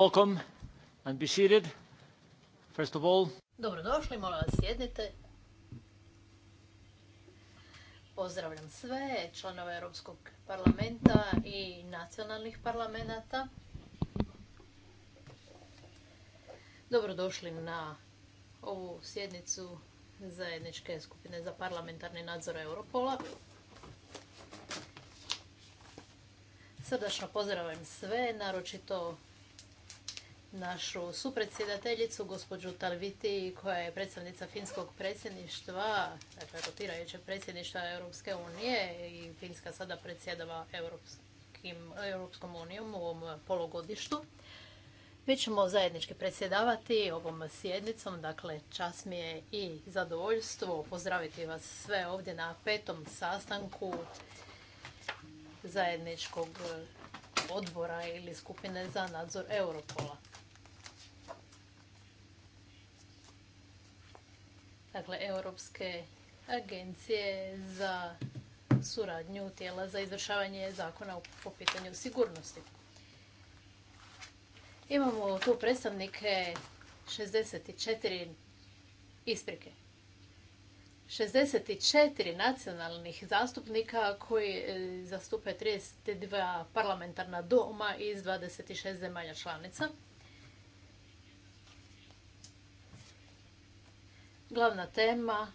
Welcome and be seated. First Dobrodošli, molim vas sjednite. Pozdravljam sve članove Europskog parlamenta i nacionalnih parlamenta. Dobrodošli na ovu sjednicu zajedničke skupine za parlamentarni nadzor Europola. Srdačno pozdravljam sve, naročito našu supredsjedateljicu, gospođu Talviti, koja je predstavnica finskog predsjedništva, dakle rotirajuće predsjedništva Europske unije i Finska sada predsjedava Europskim, Europskom unijom u ovom polugodištu. Mi ćemo zajednički predsjedavati ovom sjednicom, dakle čas mi je i zadovoljstvo pozdraviti vas sve ovdje na petom sastanku zajedničkog odbora ili skupine za nadzor Europola. dakle Europske agencije za suradnju tijela za izvršavanje zakona po pitanju sigurnosti. Imamo tu predstavnike 64 isprike. 64 nacionalnih zastupnika koji e, zastupe 32 parlamentarna doma iz 26 zemalja članica. Glavna tema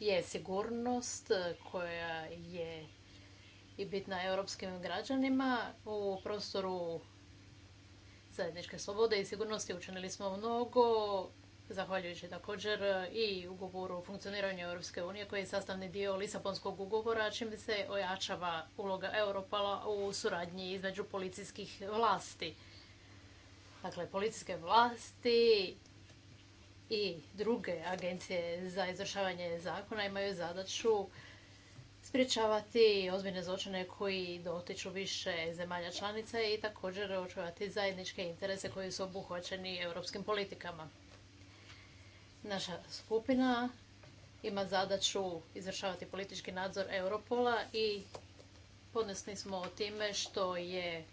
je sigurnost koja je i bitna europskim građanima u prostoru zajedničke slobode i sigurnosti učinili smo mnogo, zahvaljujući također i ugovoru o funkcioniranju Europske unije koji je sastavni dio Lisabonskog ugovora, čim se ojačava uloga Europala u suradnji između policijskih vlasti. Dakle, policijske vlasti i druge agencije za izvršavanje zakona imaju zadaću sprječavati ozbiljne zločine koji dotiču više zemalja članica i također očuvati zajedničke interese koji su obuhvaćeni europskim politikama. Naša skupina ima zadaću izvršavati politički nadzor Europola i podnesni smo o time što je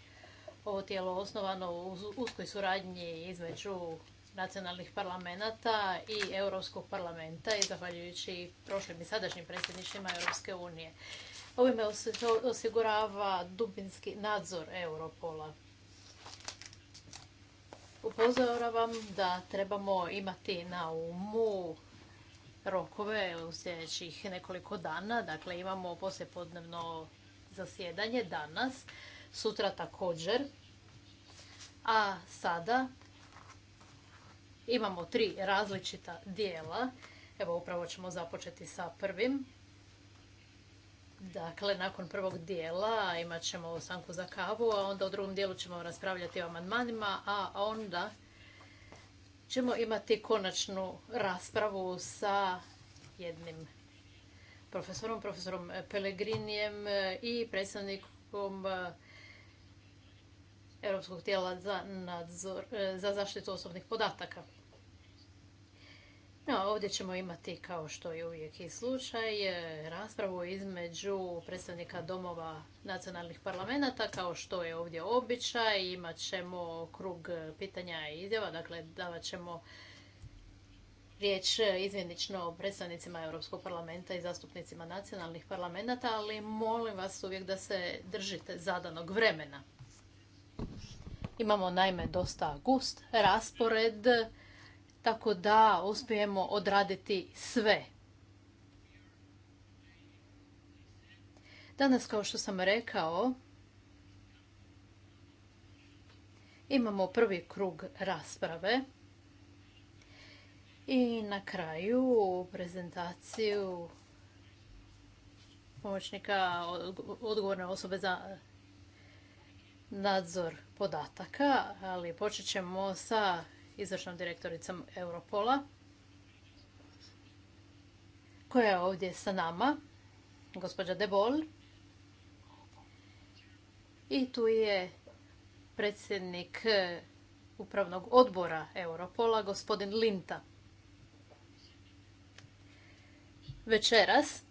ovo tijelo osnovano u uskoj suradnji između nacionalnih parlamenta i Europskog parlamenta i zahvaljujući prošlim i sadašnjim predsjedništvima Europske unije. Ovime osigurava dubinski nadzor Europola. Upozoravam da trebamo imati na umu rokove u sljedećih nekoliko dana. Dakle, imamo poslijepodnevno zasjedanje danas, sutra također. A sada Imamo tri različita dijela. Evo, upravo ćemo započeti sa prvim. Dakle, nakon prvog dijela imat ćemo stanku za kavu, a onda u drugom dijelu ćemo raspravljati o amandmanima, a onda ćemo imati konačnu raspravu sa jednim profesorom, profesorom Pelegrinijem i predstavnikom Europskog tijela e, za, zaštitu osobnih podataka. No, ovdje ćemo imati, kao što je uvijek i slučaj, e, raspravu između predstavnika domova nacionalnih parlamenta, kao što je ovdje običaj. Imat ćemo krug pitanja i izjava, dakle davat ćemo riječ o predstavnicima Europskog parlamenta i zastupnicima nacionalnih parlamenta, ali molim vas uvijek da se držite zadanog vremena. Imamo naime dosta gust raspored, tako da uspijemo odraditi sve. Danas, kao što sam rekao, imamo prvi krug rasprave i na kraju prezentaciju pomoćnika odgovorne osobe za nadzor podataka, ali počet ćemo sa izvršnom direktoricom Europola, koja je ovdje sa nama, gospođa Debol. I tu je predsjednik e, upravnog odbora Europola, gospodin Linta. Večeras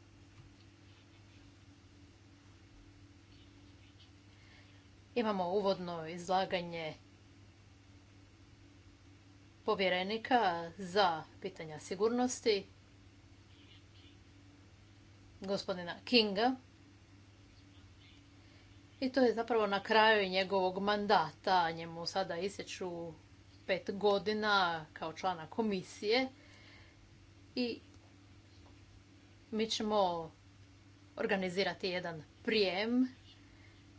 Imamo uvodno izlaganje povjerenika za pitanja sigurnosti, gospodina Kinga. I to je zapravo na kraju njegovog mandata. Njemu sada isjeću pet godina kao člana komisije. I mi ćemo organizirati jedan prijem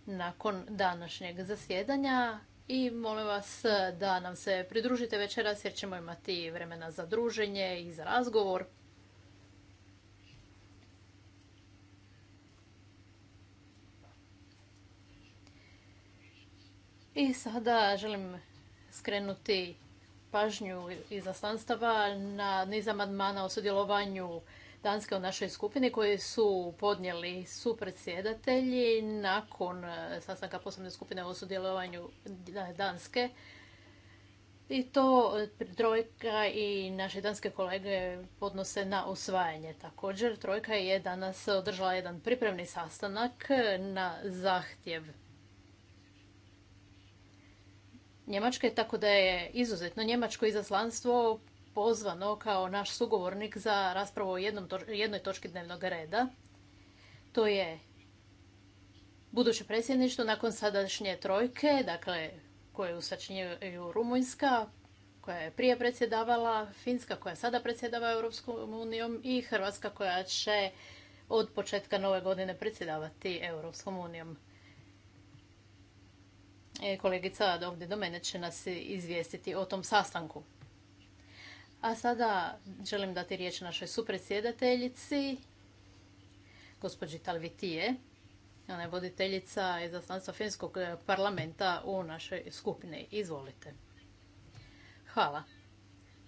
nakon današnjeg zasjedanja i molim vas da nam se pridružite večeras jer ćemo imati vremena za druženje i za razgovor. I sada želim skrenuti pažnju izaslanstava na niz amandmana o sudjelovanju Danske u našoj skupini koji su podnijeli su predsjedatelji nakon e, sastanka posebne skupine o sudjelovanju Danske. I to e, trojka i naše danske kolege podnose na usvajanje. Također, trojka je danas održala jedan pripremni sastanak na zahtjev Njemačke, tako da je izuzetno njemačko izaslanstvo pozvano kao naš sugovornik za raspravu o jednom jednoj točki dnevnog reda. To je buduće predsjedništvo nakon sadašnje trojke, dakle koje usačnjuju Rumunjska, koja je prije predsjedavala, Finska koja sada predsjedava Europskom unijom i Hrvatska koja će od početka nove godine predsjedavati Europskom unijom. E, kolegica ovdje do mene će nas izvijestiti o tom sastanku. A sada želim dati riječ našoj supredsjedateljici, gospođi Talvitije. Ona je voditeljica izaslanstva Finskog eh, parlamenta u našoj skupini. Izvolite. Hvala.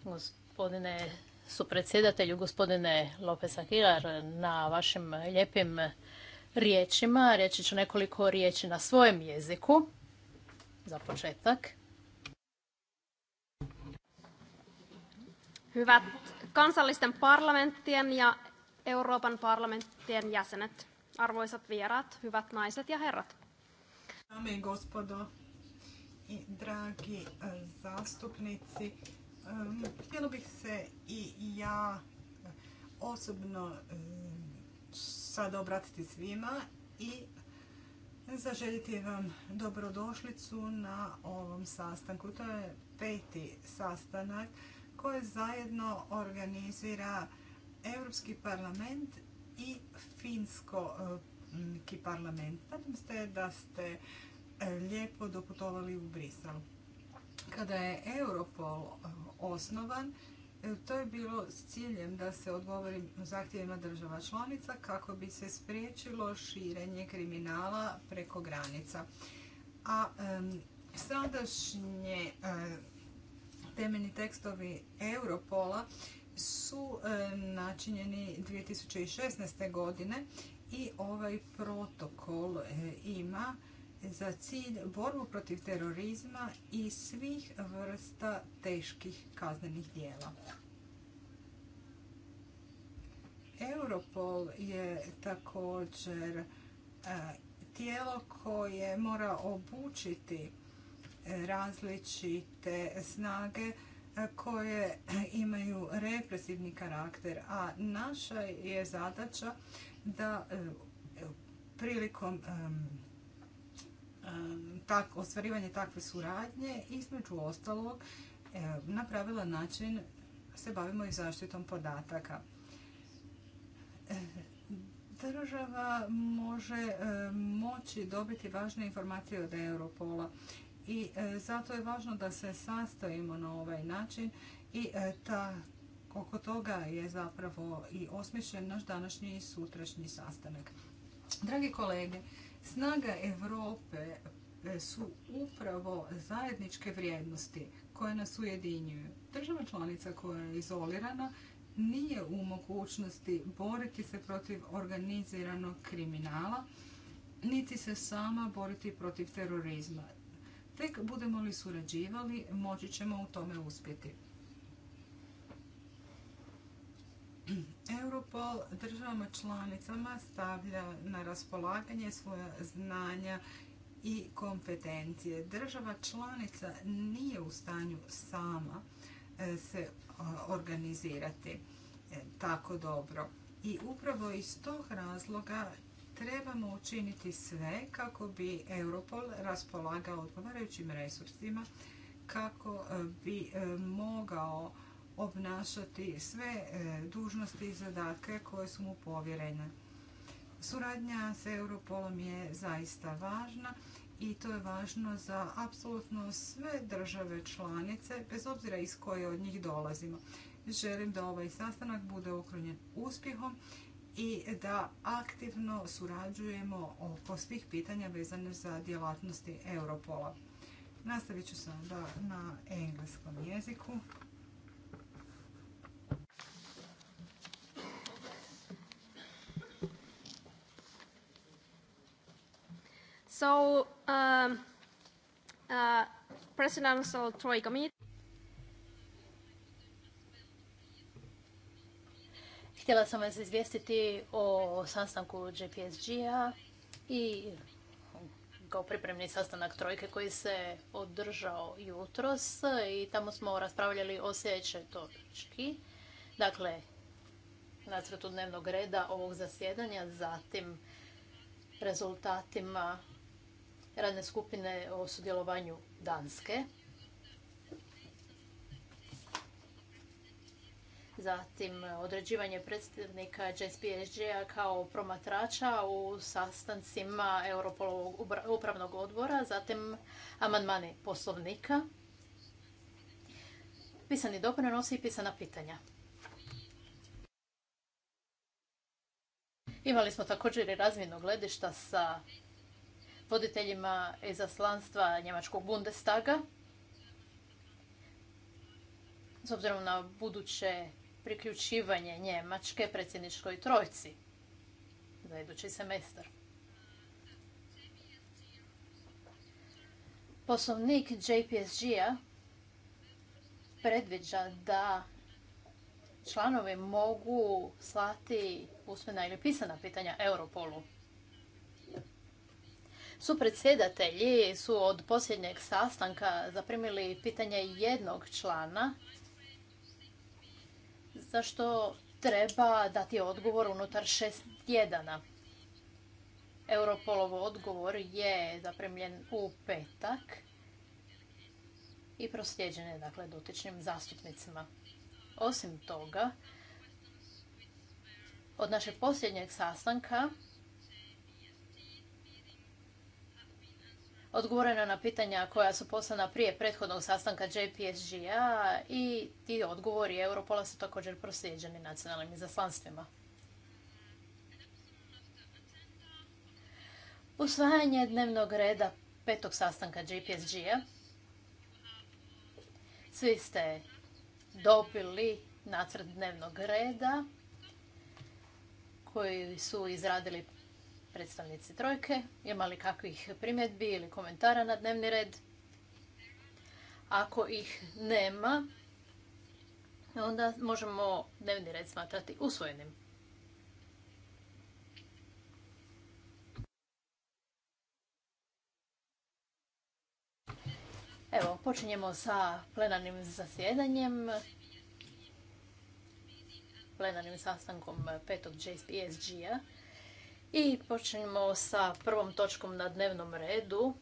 Gospodine supredsjedatelju, gospodine Lopez Aguilar, na vašim lijepim riječima. Reći ću nekoliko riječi na svojem jeziku, za početak. Hyvät kansallisten parlamenttien ja Euroopan parlamenttien jäsenet, arvoisat vieraat, hyvät naiset ja herrat. Dame i gospodo i dragi eh, zastupnici, eh, htjelo bih se i ja osobno eh, sad obratiti svima i zaželjiti vam dobrodošlicu na ovom sastanku. To je peti sastanak koje zajedno organizira Europski parlament i finsko e, parlament. Nadam se da ste e, lijepo doputovali u Brisel. Kada je Europol e, osnovan, to je bilo s ciljem da se odgovori zahtjevima država članica kako bi se spriječilo širenje kriminala preko granica. A sadašnje temeljni tekstovi Europola su e, načinjeni 2016. godine i ovaj protokol e, ima za cilj borbu protiv terorizma i svih vrsta teških kaznenih dijela. Europol je također e, tijelo koje mora obučiti različite snage e, koje imaju represivni karakter, a naša je zadaća da e, prilikom e, tak, ostvarivanje takve suradnje, između ostalog, na pravilan način se bavimo i zaštitom podataka. Država može moći dobiti važne informacije od Europola i e, zato je važno da se sastojimo na ovaj način i e, ta, oko toga je zapravo i osmišljen naš današnji i sutrašnji sastanak. Dragi kolege, snaga Europe e, su upravo zajedničke vrijednosti koje nas ujedinjuju. Država članica koja je izolirana nije u mogućnosti boriti se protiv organiziranog kriminala, niti se sama boriti protiv terorizma. Tek budemo li surađivali, moći ćemo u tome uspjeti. Europol državama članicama stavlja na raspolaganje svoja znanja i kompetencije. Država članica nije u stanju sama e, se e, organizirati e, tako dobro. I upravo iz tog razloga Trebamo učiniti sve kako bi Europol raspolagao odgovarajućim resursima kako e, bi e, mogao obnašati sve e, dužnosti i zadatke koje su mu povjerene. Suradnja s Europolom je zaista važna i to je važno za apsolutno sve države članice, bez obzira iz koje od njih dolazimo. Želim da ovaj sastanak bude okrunjen uspjehom i da aktivno surađujemo oko svih pitanja vezane za djelatnosti Europola. Nastavit ću onda na engleskom jeziku. So, um, uh, Htjela sam vas izvijestiti o sastanku gpsg a i kao pripremni sastanak trojke koji se održao jutros i tamo smo raspravljali o sljedećoj točki. Dakle, nacrtu dnevnog reda ovog zasjedanja, zatim rezultatima radne skupine o sudjelovanju Danske zatim određivanje predstavnika JSPSG-a kao promatrača u sastancima Europolovog upravnog odbora, zatim amandmani poslovnika, pisani doprinosi i pisana pitanja. Imali smo također i razmjenu gledišta sa voditeljima izaslanstva Njemačkog Bundestaga. S obzirom na buduće priključivanje Njemačke predsjedničkoj trojci za idući semestar. Poslovnik JPSG-a predviđa da članovi mogu slati usmena ili pisana pitanja Europolu. Supredsjedatelji su od posljednjeg sastanka zaprimili pitanje jednog člana što treba dati odgovor unutar šest tjedana. Europolov odgovor je zapremljen u petak i prosljeđen je dakle, dotičnim zastupnicima. Osim toga, od našeg posljednjeg sastanka odgovoreno na pitanja koja su poslana prije prethodnog sastanka JPSG-a i ti odgovori Europola su također proslijeđeni nacionalnim izaslanstvima. Usvajanje dnevnog reda petog sastanka JPSG-a. Svi ste dobili nacrt dnevnog reda koji su izradili predstavnici trojke. Ima li kakvih primjedbi ili komentara na dnevni red? Ako ih nema, onda možemo dnevni red smatrati usvojenim. Evo, počinjemo sa plenarnim zasjedanjem, plenarnim sastankom 5. JSPSG-a. I počnemo sa prvom točkom na dnevnom redu,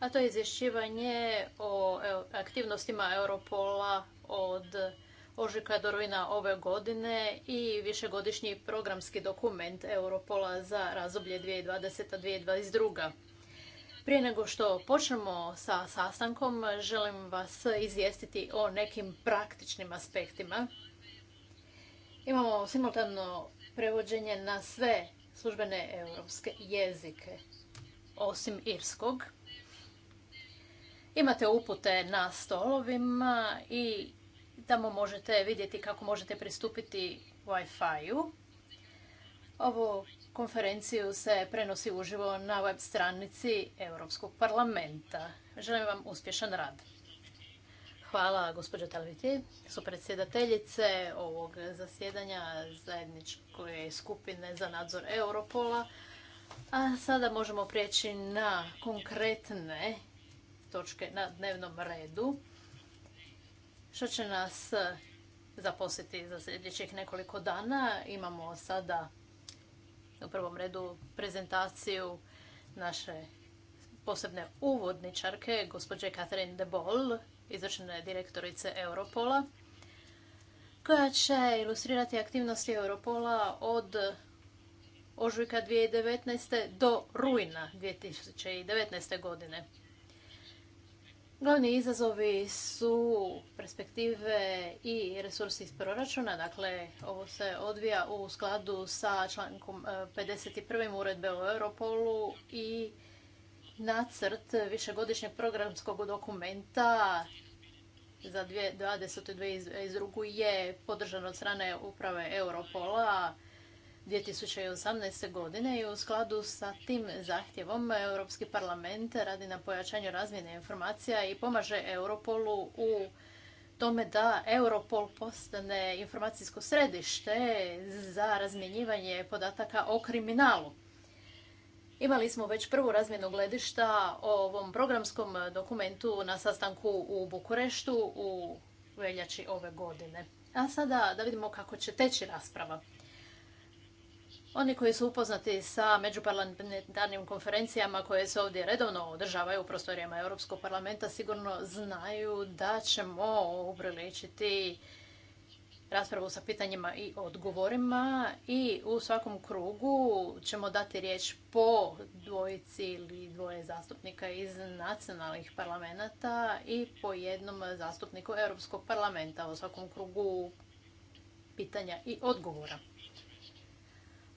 a to je izvješćivanje o e, aktivnostima Europola od ožika do rujna ove godine i višegodišnji programski dokument Europola za razoblje 2020-2022. Prije nego što počnemo sa sastankom, želim vas izvijestiti o nekim praktičnim aspektima. Imamo simultano prevođenje na sve službene europske jezike, osim irskog. Imate upute na stolovima i tamo možete vidjeti kako možete pristupiti Wi-Fi-u. Ovu konferenciju se prenosi uživo na web stranici Europskog parlamenta. Želim vam uspješan rad. Hvala gospođo Talviti, su predsjedateljice ovog zasjedanja zajedničke skupine za nadzor Europola. A sada možemo prijeći na konkretne točke na dnevnom redu, što će nas zaposliti za sljedećih nekoliko dana. Imamo sada u prvom redu prezentaciju naše posebne uvodničarke, gospođe Catherine de Boll, izvršene direktorice Europola, koja će ilustrirati aktivnosti Europola od ožujka 2019. do rujna 2019. godine. Glavni izazovi su perspektive i resursi iz proračuna, dakle ovo se odvija u skladu sa člankom 51. Eh, uredbe o Europolu i nacrt višegodišnjeg programskog dokumenta za 2022. je podržan od strane uprave Europola 2018. godine i u skladu sa tim zahtjevom Europski parlament radi na pojačanju razmjene informacija i pomaže Europolu u tome da Europol postane informacijsko središte za razmjenjivanje podataka o kriminalu. Imali smo već prvu razmjenu gledišta o ovom programskom dokumentu na sastanku u Bukureštu u veljači ove godine. A sada da vidimo kako će teći rasprava. Oni koji su upoznati sa međuparlamentarnim konferencijama koje se ovdje redovno održavaju u prostorijama Europskog parlamenta sigurno znaju da ćemo upriličiti raspravu sa pitanjima i odgovorima i u svakom krugu ćemo dati riječ po dvojici ili dvoje zastupnika iz nacionalnih parlamenta i po jednom zastupniku Europskog parlamenta u svakom krugu pitanja i odgovora.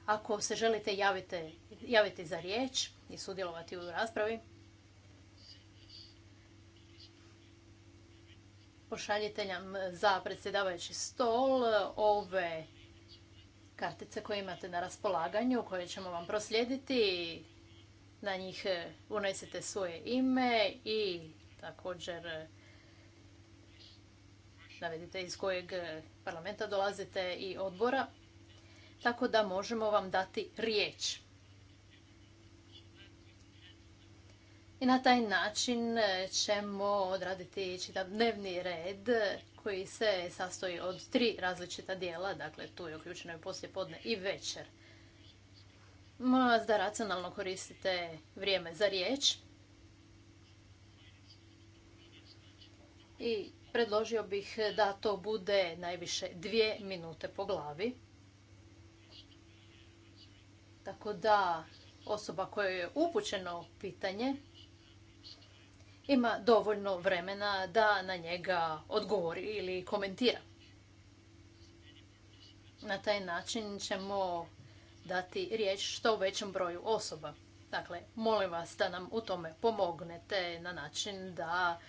Ako se želite javiti, javiti za riječ i sudjelovati u raspravi, pošaljite nam za predsjedavajući stol e, ove kartice koje imate na raspolaganju, koje ćemo vam proslijediti. Na njih e, unesite svoje ime i također e, navedite iz kojeg parlamenta dolazite i odbora, tako da možemo vam dati riječ. i na taj način e, ćemo odraditi čitav dnevni red koji se sastoji od tri različita dijela, dakle tu je uključeno i podne i večer. Molim da racionalno koristite vrijeme za riječ. I predložio bih da to bude najviše dvije minute po glavi. Tako da osoba koja je upućeno pitanje ima dovoljno vremena da na njega odgovori ili komentira. Na taj način ćemo dati riječ što većem broju osoba. Dakle, molim vas da nam u tome pomognete na način da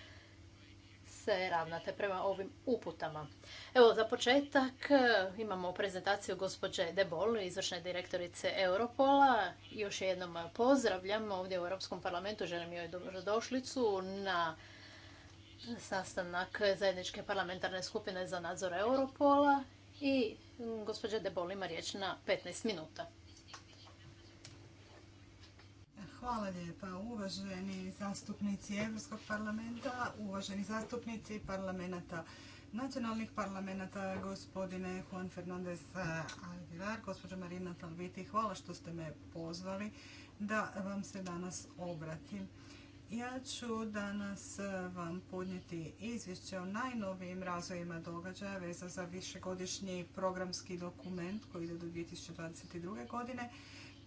se ravnate prema ovim uputama. Evo, za početak e, imamo prezentaciju gospođe De Bol, izvršne direktorice Europola. Još jednom pozdravljam ovdje u Europskom parlamentu, želim joj dobrodošlicu na sastanak zajedničke parlamentarne skupine za nadzor Europola i gospođa Bol ima riječ na 15 minuta. Hvala lijepa. Uvaženi zastupnici Europskog parlamenta, uvaženi zastupnici parlamenta nacionalnih parlamenta, gospodine Juan Fernandez Aguilar, gospođo Marina Talviti, hvala što ste me pozvali da vam se danas obratim. Ja ću danas vam podnijeti izvješće o najnovijim razvojima događaja veza za višegodišnji programski dokument koji ide do 2022. godine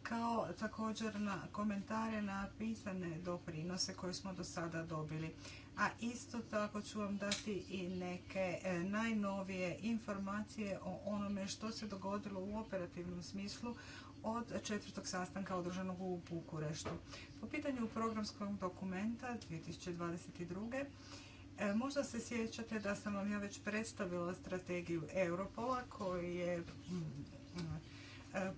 kao također na komentare na pisane doprinose koje smo do sada dobili. A isto tako ću vam dati i neke e, najnovije informacije o onome što se dogodilo u operativnom smislu od četvrtog sastanka održanog u Bukureštu. Po pitanju programskog dokumenta 2022. E, možda se sjećate da sam vam ja već predstavila strategiju Europola koji je mm,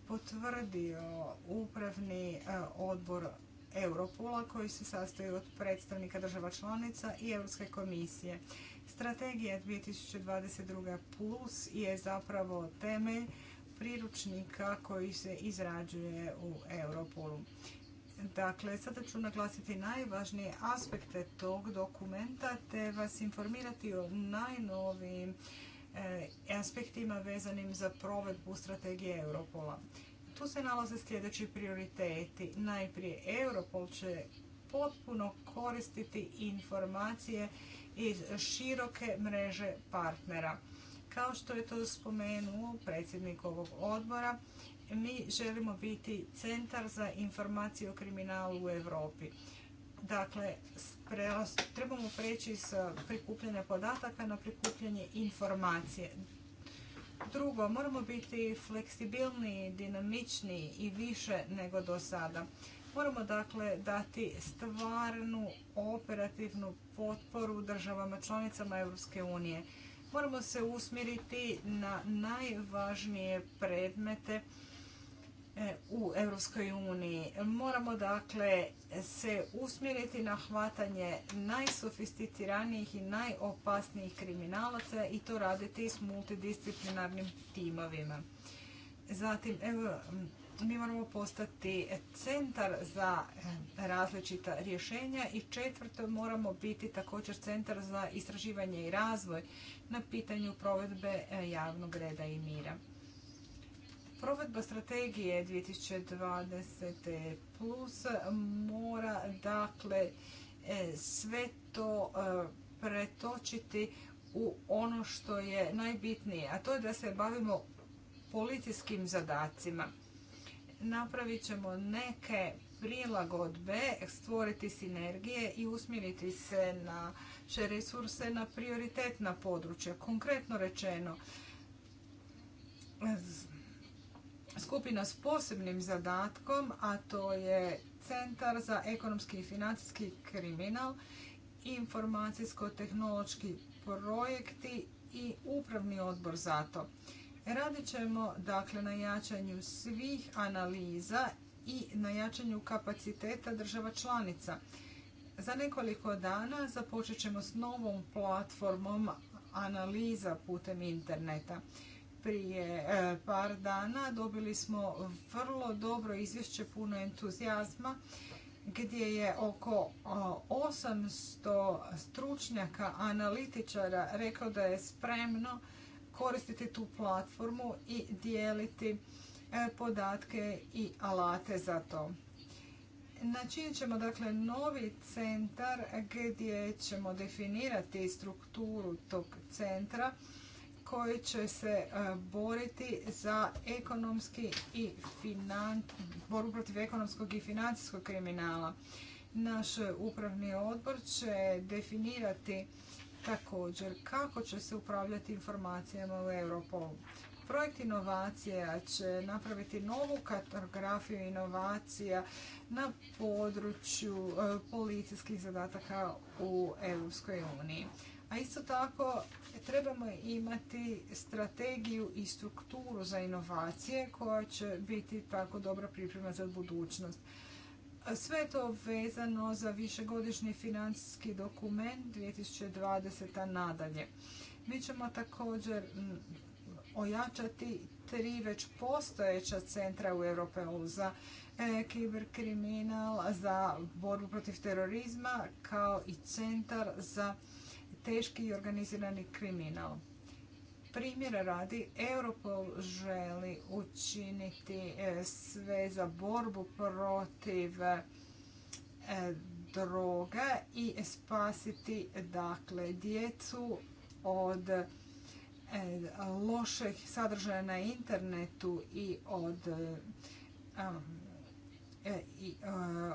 potvrdio upravni e, odbor Europola koji se sastoji od predstavnika država članica i Europske komisije. Strategija 2022 plus je zapravo temelj priručnika koji se izrađuje u Europolu. Dakle, sada ću naglasiti najvažnije aspekte tog dokumenta te vas informirati o najnovijim E, aspektima vezanim za provedbu strategije Europola. Tu se nalaze sljedeći prioriteti. Najprije, Europol će potpuno koristiti informacije iz široke mreže partnera. Kao što je to spomenuo predsjednik ovog odbora, mi želimo biti centar za informacije o kriminalu u Europi. Dakle, trebamo preći s prikupljanja podataka na prikupljanje informacije. Drugo, moramo biti fleksibilniji, dinamičniji i više nego do sada. Moramo dakle dati stvarnu operativnu potporu državama članicama Europske unije. Moramo se usmjeriti na najvažnije predmete E, u Europskoj uniji. Moramo dakle se usmjeriti na hvatanje najsofisticiranijih i najopasnijih kriminalaca i to raditi s multidisciplinarnim timovima. Zatim, evo, mi moramo postati centar za e, različita rješenja i četvrto moramo biti također centar za istraživanje i razvoj na pitanju provedbe e, javnog reda i mira. Provedba strategije 2020 plus mora dakle e, sve to e, pretočiti u ono što je najbitnije, a to je da se bavimo policijskim zadacima. Napravit ćemo neke prilagodbe, stvoriti sinergije i usmjeriti se na resurse na prioritetna područja. Konkretno rečeno, skupina s posebnim zadatkom, a to je Centar za ekonomski i financijski kriminal, informacijsko-tehnološki projekti i upravni odbor za to. Radit ćemo dakle na jačanju svih analiza i na jačanju kapaciteta država članica. Za nekoliko dana započet ćemo s novom platformom analiza putem interneta prije e, par dana dobili smo vrlo dobro izvješće puno entuzijazma gdje je oko 800 e, stručnjaka, analitičara rekao da je spremno koristiti tu platformu i dijeliti e, podatke i alate za to. Načinit ćemo dakle novi centar gdje ćemo definirati strukturu tog centra koji će se e, boriti za ekonomski i finan... borbu protiv ekonomskog i financijskog kriminala. Naš upravni odbor će definirati također kako će se upravljati informacijama u Europolu. Projekt inovacija će napraviti novu kartografiju inovacija na području e, policijskih zadataka u EU. A isto tako Dakle, trebamo imati strategiju i strukturu za inovacije koja će biti tako dobra priprema za budućnost. Sve to vezano za višegodišnji financijski dokument 2020. nadalje. Mi ćemo također ojačati tri već postojeća centra u Europeu za e, kiberkriminal, za borbu protiv terorizma, kao i centar za teški i organizirani kriminal. Primjera radi, Europol želi učiniti e, sve za borbu protiv e, droga i spasiti dakle djecu od e, loših sadržaja na internetu i od i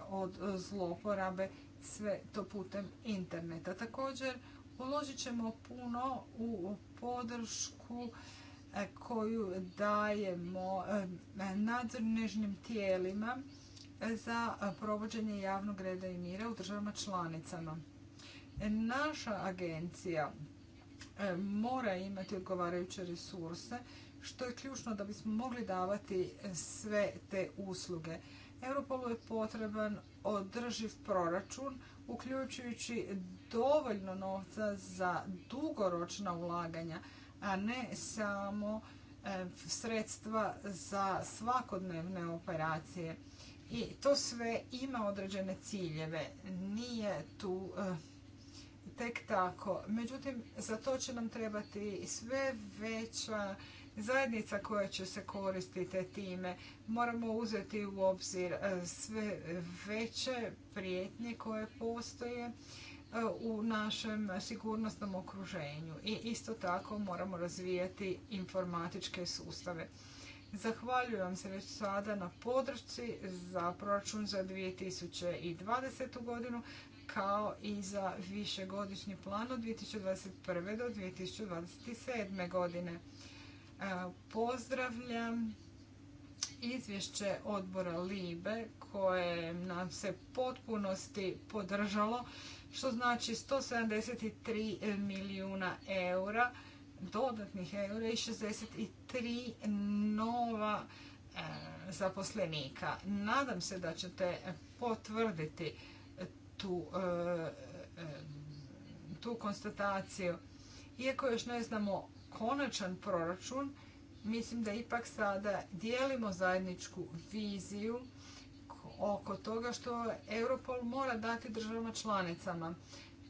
od zloporabe sve to putem interneta. Također uložit ćemo puno u podršku e, koju dajemo e, nadzornežnim tijelima e, za provođenje javnog reda i mira u državama članicama. Naša agencija mora imati odgovarajuće resurse, što je ključno da bismo mogli davati sve te usluge. Europolu je potreban održiv proračun, uključujući dovoljno novca za dugoročna ulaganja, a ne samo e, sredstva za svakodnevne operacije. I to sve ima određene ciljeve, nije tu e, tek tako. Međutim, za to će nam trebati sve veća zajednica koja će se koristiti time. Moramo uzeti u obzir e, sve veće prijetnje koje postoje e, u našem sigurnosnom okruženju i isto tako moramo razvijati informatičke sustave. Zahvaljujem se već sada na podršci za proračun za 2020. godinu kao i za višegodišnji plan od 2021. do 2027. godine. Pozdravljam izvješće odbora LIBE koje nam se potpunosti podržalo, što znači 173 milijuna eura, dodatnih eura i 63 nova e, zaposlenika. Nadam se da ćete potvrditi tu, e, e, tu konstataciju. Iako još ne znamo konačan proračun, mislim da ipak sada dijelimo zajedničku viziju oko toga što Europol mora dati državama članicama.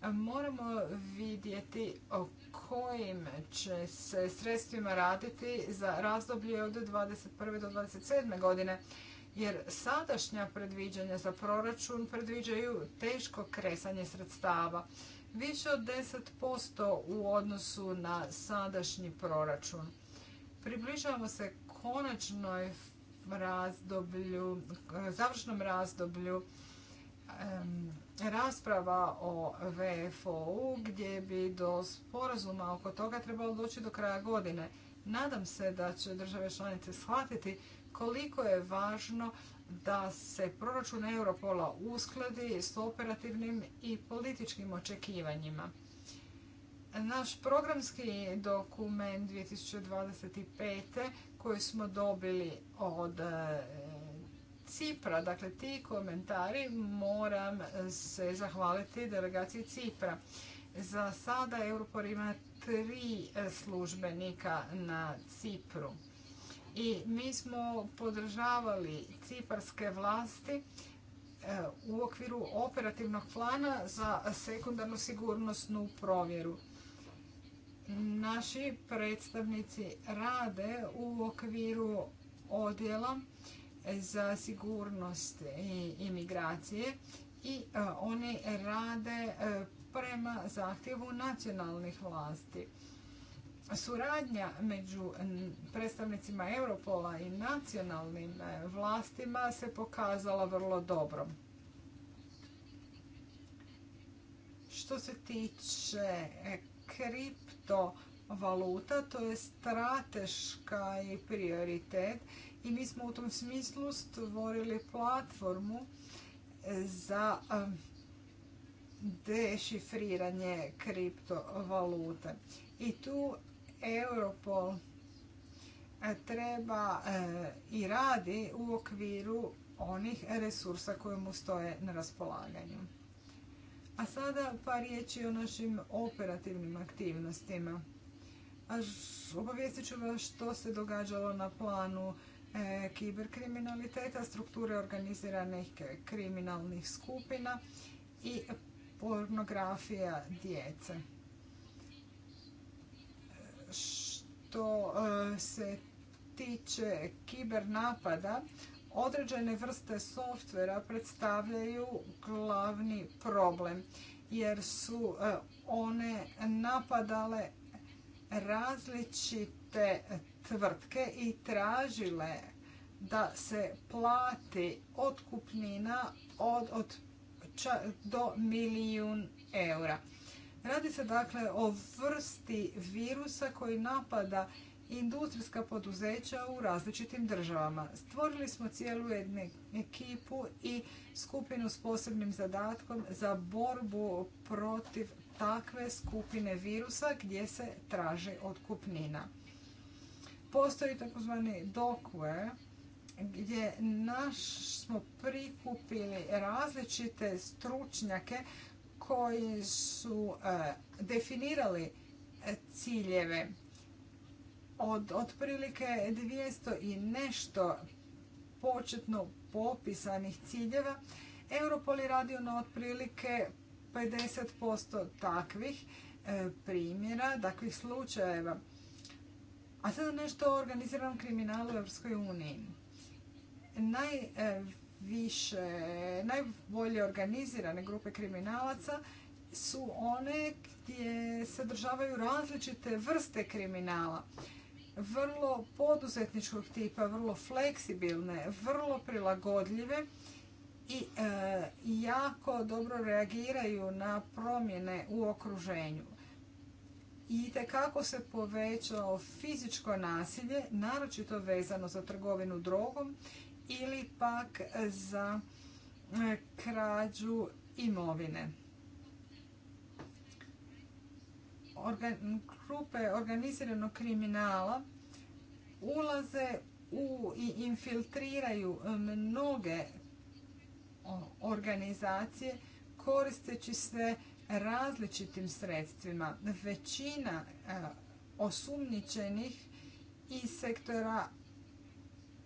Moramo vidjeti o kojim će se sredstvima raditi za razdoblje od 21. do 27. godine, jer sadašnja predviđanja za proračun predviđaju teško kresanje sredstava više od 10% u odnosu na sadašnji proračun. Približavamo se konačnom razdoblju, završnom razdoblju rasprava o VFO-u gdje bi do sporazuma oko toga trebalo doći do kraja godine. Nadam se da će države članice shvatiti koliko je važno da se proračun Europola uskladi s operativnim i političkim očekivanjima. Naš programski dokument 2025. koji smo dobili od e, Cipra, dakle ti komentari moram se zahvaliti delegaciji Cipra. Za sada Europol ima tri e, službenika na Cipru i mi smo podržavali ciparske vlasti e, u okviru operativnog plana za sekundarnu sigurnosnu provjeru. Naši predstavnici rade u okviru odjela za sigurnost i imigracije i e, oni rade e, prema zahtjevu nacionalnih vlasti. Suradnja među predstavnicima Europola i nacionalnim e, vlastima se pokazala vrlo dobrom. Što se tiče e, kriptovaluta, to je strateška i prioritet i mi smo u tom smislu stvorili platformu e, za dešifriranje kriptovalute. I tu Europol e, treba e, i radi u okviru onih resursa koje mu stoje na raspolaganju. A sada pa riječi o našim operativnim aktivnostima. Obavijestit ću vas što se događalo na planu e, kiberkriminaliteta, strukture organiziranih kriminalnih skupina i pornografija djece. što e, se tiče kiber napada, određene vrste softvera predstavljaju glavni problem jer su e, one napadale različite tvrtke i tražile da se plati otkupnina od, od do milijun eura. Radi se dakle o vrsti virusa koji napada industrijska poduzeća u različitim državama. Stvorili smo cijelu jednu ekipu i skupinu s posebnim zadatkom za borbu protiv takve skupine virusa gdje se traži otkupnina. Postoji takozvani dokue gdje naš smo prikupili različite stručnjake koji su e, definirali e, ciljeve od otprilike 200 i nešto početno popisanih ciljeva, Europol je radio na otprilike 50% takvih e, primjera, takvih slučajeva. A sada nešto o organiziranom kriminalu u EU. uniji. Naj najviše, najbolje organizirane grupe kriminalaca su one gdje sadržavaju različite vrste kriminala. Vrlo poduzetničkog tipa, vrlo fleksibilne, vrlo prilagodljive i e, jako dobro reagiraju na promjene u okruženju. I tekako se povećao fizičko nasilje, naročito vezano za trgovinu drogom ili pak za e, krađu imovine. grupe organiziranog kriminala ulaze u i infiltriraju mnoge organizacije koristeći se različitim sredstvima. Većina e, osumnjičenih iz sektora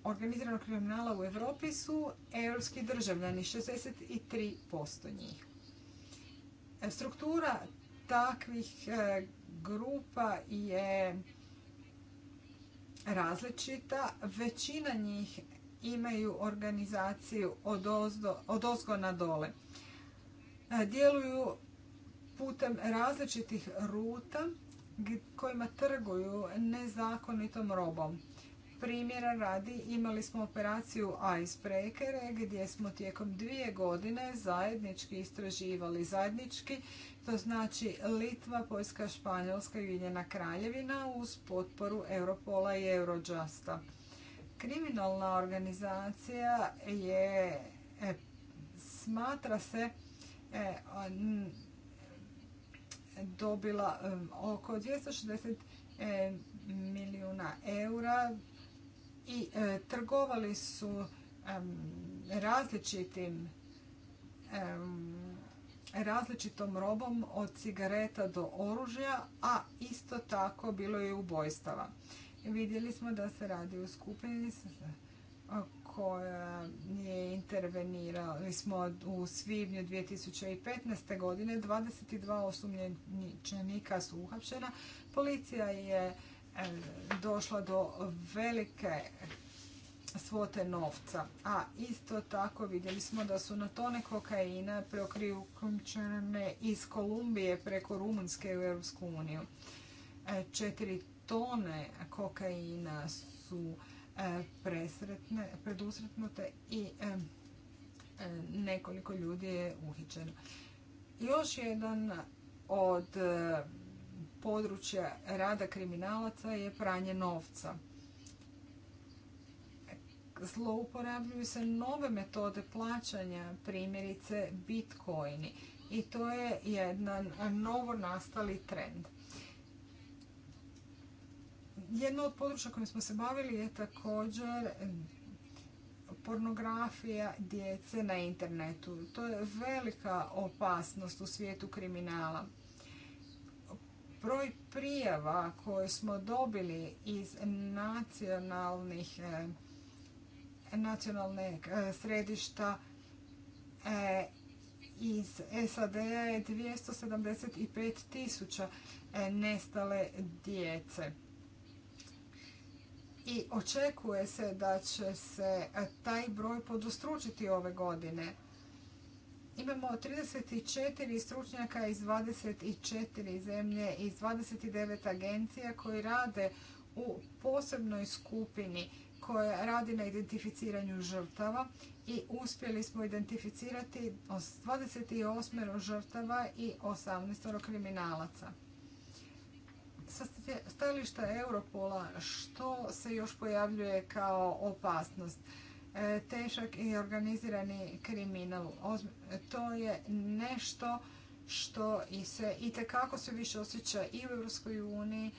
organiziranog kriminala u Europi su europski državljani, 63% njih. E, struktura takvih e, grupa je različita. Većina njih imaju organizaciju od, ozgo na dole. E, djeluju putem različitih ruta kojima trguju nezakonitom robom. Primjera radi imali smo operaciju Icebreaker gdje smo tijekom dvije godine zajednički istraživali. Zajednički to znači Litva, Poljska, Španjolska i Ujedinjena Kraljevina uz potporu Europola i Eurojusta. Kriminalna organizacija je e, smatra se e, dobila e, oko 260 milijuna eura i e, trgovali su različitim različitom robom od cigareta do oružja, a isto tako bilo je ubojstava. Vidjeli smo da se radi o skupini koja je intervenirali smo u svibnju 2015. godine. 22 osumnjičenika su uhapšena. Policija je došla do velike svote novca. A isto tako vidjeli smo da su na tone kokaina preokrijučene iz Kolumbije preko Rumunjske u Europsku uniju. E, četiri tone kokaina su e, presretne, predusretnute i e, nekoliko ljudi je uhićeno. Još jedan od područja rada kriminalaca je pranje novca. Zlouporabljuju se nove metode plaćanja, primjerice bitcoini. I to je jedan novo nastali trend. Jedno od područja kojim smo se bavili je također pornografija djece na internetu. To je velika opasnost u svijetu kriminala broj prijava koje smo dobili iz nacionalnih e, nacionalne e, središta e, iz SAD-a je 275 tisuća nestale djece. I očekuje se da će se taj broj podostručiti ove godine. Imamo 34 stručnjaka iz 24 zemlje i 29 agencija koji rade u posebnoj skupini koja radi na identificiranju žrtava i uspjeli smo identificirati 28 žrtava i 18 kriminalaca. Sa stajališta Europola što se još pojavljuje kao opasnost? E, tešak i organizirani kriminal. To je nešto što i se i tekako sve više osjeća i u Europskoj uniji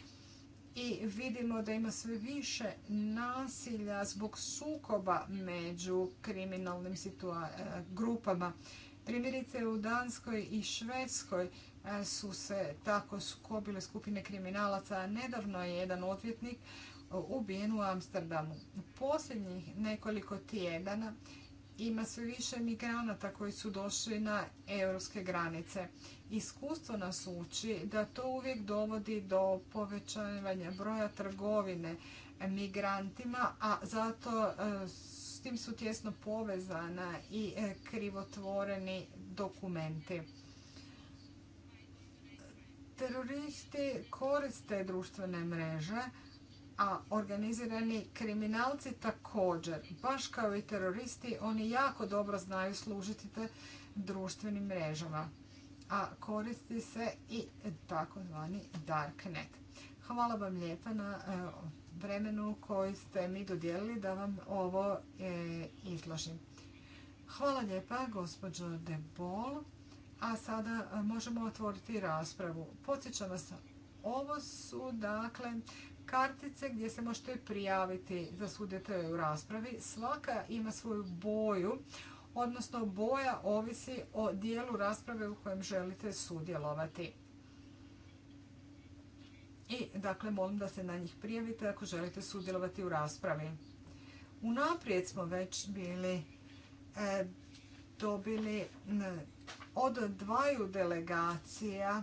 i vidimo da ima sve više nasilja zbog sukoba među kriminalnim e, grupama. Primjerice u Danskoj i Švedskoj e, su se tako sukobile skupine kriminalaca. Nedavno je jedan odvjetnik ubijen u Amsterdamu. U posljednjih nekoliko tjedana ima sve više migranata koji su došli na europske granice. Iskustvo nas uči da to uvijek dovodi do povećavanja broja trgovine migrantima, a zato e, s tim su tjesno povezana i e, krivotvoreni dokumenti. Teroristi koriste društvene mreže a organizirani kriminalci također, baš kao i teroristi, oni jako dobro znaju služiti te društvenim mrežama, a koristi se i takozvani darknet. Hvala vam lijepa na e, vremenu koji ste mi dodijelili da vam ovo e, izložim. Hvala lijepa gospođo De Bol. A sada e, možemo otvoriti raspravu. Podsjećam vas, ovo su dakle kartice gdje se možete prijaviti da sudete u raspravi. Svaka ima svoju boju, odnosno boja ovisi o dijelu rasprave u kojem želite sudjelovati. I dakle molim da se na njih prijavite ako želite sudjelovati u raspravi. Unaprijed smo već bili e, dobili od dvaju delegacija e,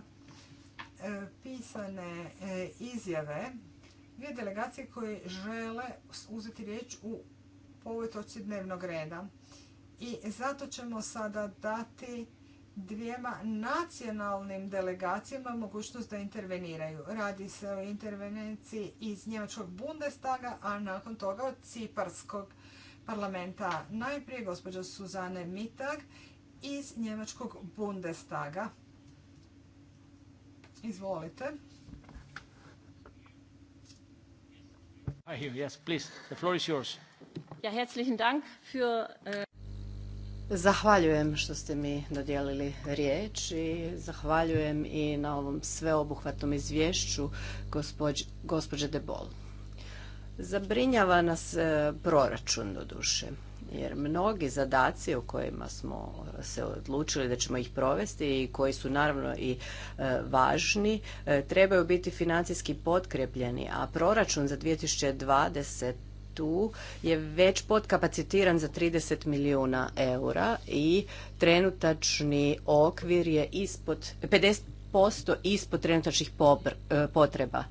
pisane e, izjave dvije delegacije koje žele uzeti riječ u ovoj točci dnevnog reda. I zato ćemo sada dati dvijema nacionalnim delegacijama mogućnost da interveniraju. Radi se o intervenciji iz Njemačkog Bundestaga, a nakon toga od Ciparskog parlamenta. Najprije gospođa Suzane Mitag iz Njemačkog Bundestaga. Izvolite. I Zahvaljujem što ste mi dodijelili riječ i zahvaljujem i na ovom sveobuhvatnom izvješću gospođe, gospođe Debol. Zabrinjava nas e, proračun do duše jer mnogi zadaci o kojima smo se odlučili da ćemo ih provesti i koji su naravno i e, važni e, trebaju biti financijski potkrepljeni, a proračun za 2020 tu je već podkapacitiran za 30 milijuna eura i trenutačni okvir je ispod 50, posto ispod trenutačnih e, potreba.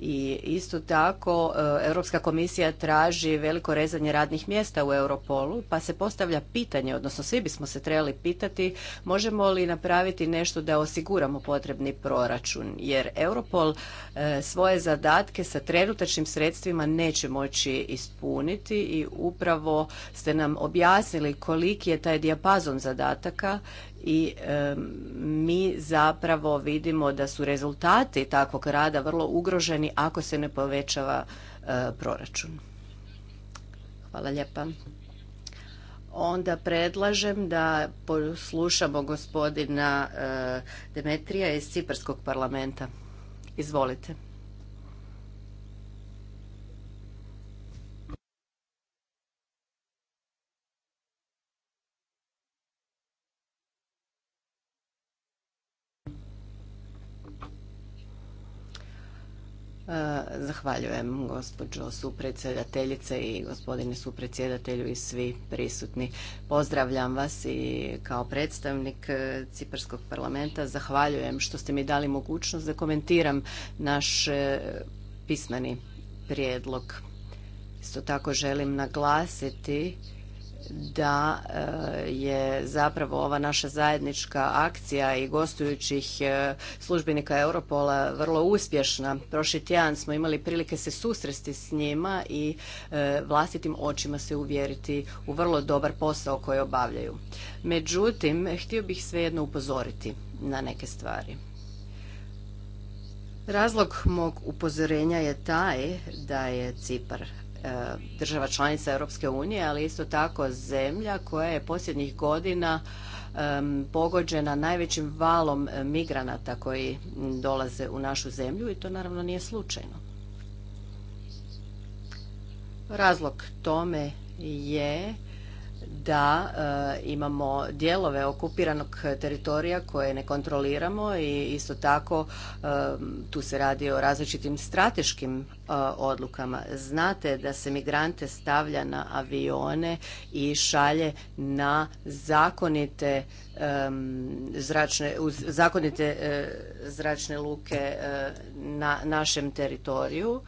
I isto tako e, Europska komisija traži veliko rezanje radnih mjesta u Europolu, pa se postavlja pitanje, odnosno svi bismo se trebali pitati, možemo li napraviti nešto da osiguramo potrebni proračun, jer Europol e, svoje zadatke sa trenutačnim sredstvima neće moći ispuniti i upravo ste nam objasnili koliki je taj dijapazon zadataka i e, mi zapravo vidimo da su rezultati takvog rada vrlo ugroženi ako se ne povećava e, proračun. Hvala lijepa. Onda predlažem da poslušamo gospodina e, Demetrija iz Ciprskog parlamenta. Izvolite. Zahvaljujem gospođo supredsjedateljice i gospodine supredsjedatelju i svi prisutni. Pozdravljam vas i kao predstavnik e, Ciprskog parlamenta zahvaljujem što ste mi dali mogućnost da komentiram naš e, pismeni prijedlog. Isto tako želim naglasiti da e, je zapravo ova naša zajednička akcija i gostujućih e, službenika Europola vrlo uspješna. Prošli tjedan smo imali prilike se susresti s njima i e, vlastitim očima se uvjeriti u vrlo dobar posao koji obavljaju. Međutim, htio bih svejedno upozoriti na neke stvari. Razlog mog upozorenja je taj da je Cipar E, država članica Europske unije, ali isto tako zemlja koja je posljednjih godina e, pogođena najvećim valom e, migranata koji dolaze u našu zemlju i to naravno nije slučajno. Razlog tome je da eh, imamo dijelove okupiranog teritorija koje ne kontroliramo i isto tako eh, tu se radi o različitim strateškim eh, odlukama. Znate da se migrante stavlja na avione i šalje na zakonite zračne, zakonite zračne luke na našem teritoriju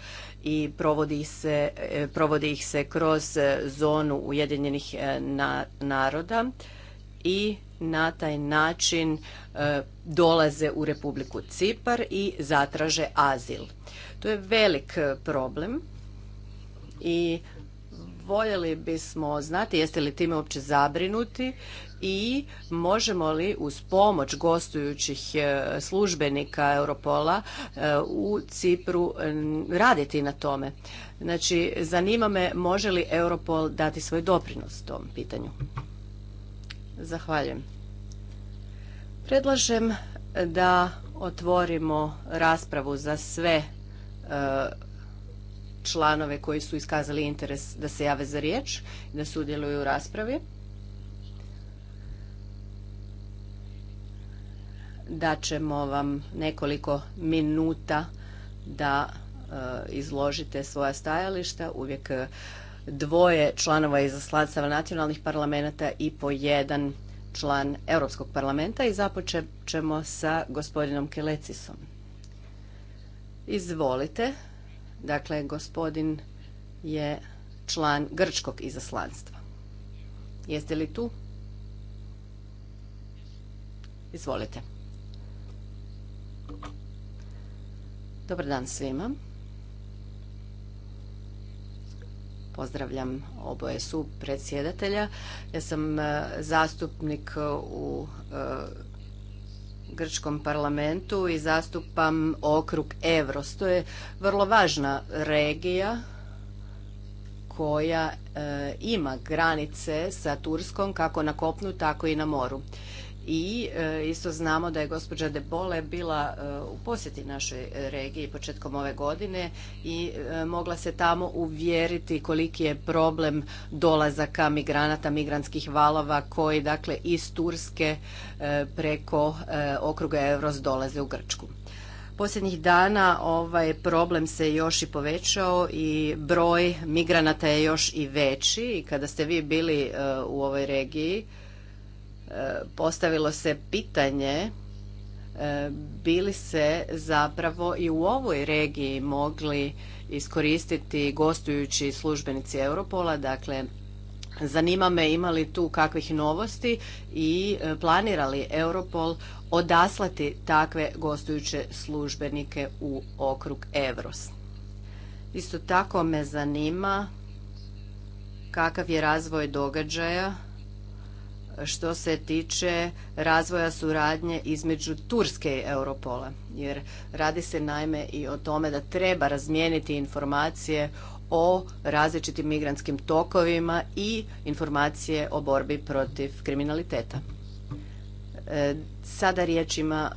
i provodi, se, e, ih se kroz e, zonu Ujedinjenih e, naroda i na taj način dolaze u Republiku Cipar i zatraže azil. To je velik problem i voljeli bismo znati jeste li time uopće zabrinuti i možemo li uz pomoć gostujućih e, službenika Europola e, u Cipru raditi na tome. Znači, zanima me može li Europol dati svoj doprinos tom pitanju. Zahvaljujem. Predlažem da otvorimo raspravu za sve e, članove koji su iskazali interes da se jave za riječ i da sudjeluju u raspravi. Daćemo vam nekoliko minuta da e, izložite svoja stajališta. Uvijek e, dvoje članova izaslanstava nacionalnih parlamenta i po jedan član Europskog parlamenta i započet ćemo sa gospodinom Kelecisom. Izvolite, Dakle, gospodin je član grčkog izaslanstva. Jeste li tu? Izvolite. Dobar dan svima. Pozdravljam oboje su predsjedatelja. Ja sam e, zastupnik u e, grčkom parlamentu i zastupam okrug Evros. To je vrlo važna regija koja e, ima granice sa Turskom kako na kopnu, tako i na moru i e, isto znamo da je gospođa De Bole bila e, u posjeti našoj regiji početkom ove godine i e, mogla se tamo uvjeriti koliki je problem dolazaka migranata, migrantskih valova koji dakle iz Turske preko okruga Euros dolaze u Grčku. Posljednjih dana ovaj problem se još i povećao i broj migranata je još i veći i kada ste vi bili u ovoj regiji postavilo se pitanje e, bili se zapravo i u ovoj regiji mogli iskoristiti gostujući službenici Europola, dakle zanima me ima li tu kakvih novosti i e, planira li Europol odaslati takve gostujuće službenike u okrug Evros. Isto tako me zanima kakav je razvoj događaja što se tiče razvoja suradnje između Turske i Europola. Jer radi se naime i o tome da treba razmijeniti informacije o različitim migrantskim tokovima i informacije o borbi protiv kriminaliteta. E, sada riječ ima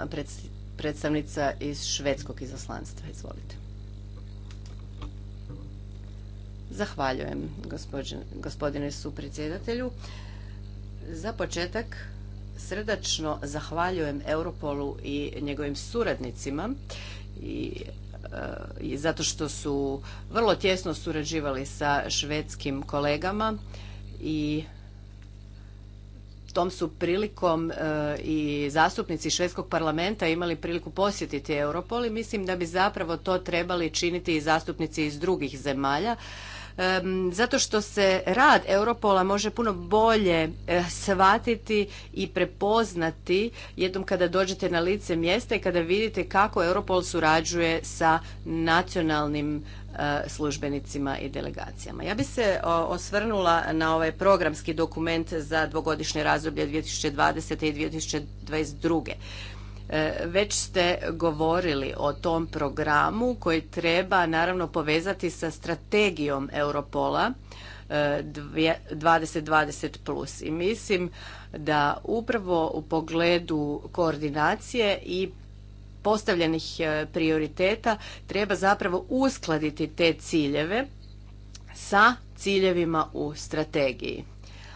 predstavnica iz švedskog izaslanstva. Izvolite. Zahvaljujem gospodine supredsjedatelju. Za početak srdačno zahvaljujem Europolu i njegovim suradnicima e, i zato što su vrlo tjesno surađivali sa švedskim kolegama i tom su prilikom e, i zastupnici švedskog parlamenta imali priliku posjetiti Europol i mislim da bi zapravo to trebali činiti i zastupnici iz drugih zemalja zato što se rad Europola može puno bolje eh, shvatiti i prepoznati jednom kada dođete na lice mjesta i kada vidite kako Europol surađuje sa nacionalnim eh, službenicima i delegacijama. Ja bi se osvrnula na ovaj programski dokument za dvogodišnje razdoblje 2020. i 2022. E, već ste govorili o tom programu koji treba naravno povezati sa strategijom Europola 2020 e, plus i mislim da upravo u pogledu koordinacije i postavljenih e, prioriteta treba zapravo uskladiti te ciljeve sa ciljevima u strategiji.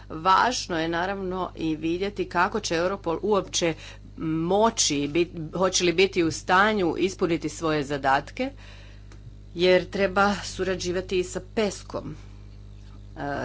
Važno je naravno i vidjeti kako će Europol uopće moći, hoće li biti u stanju ispuniti svoje zadatke, jer treba surađivati i sa peskom. E,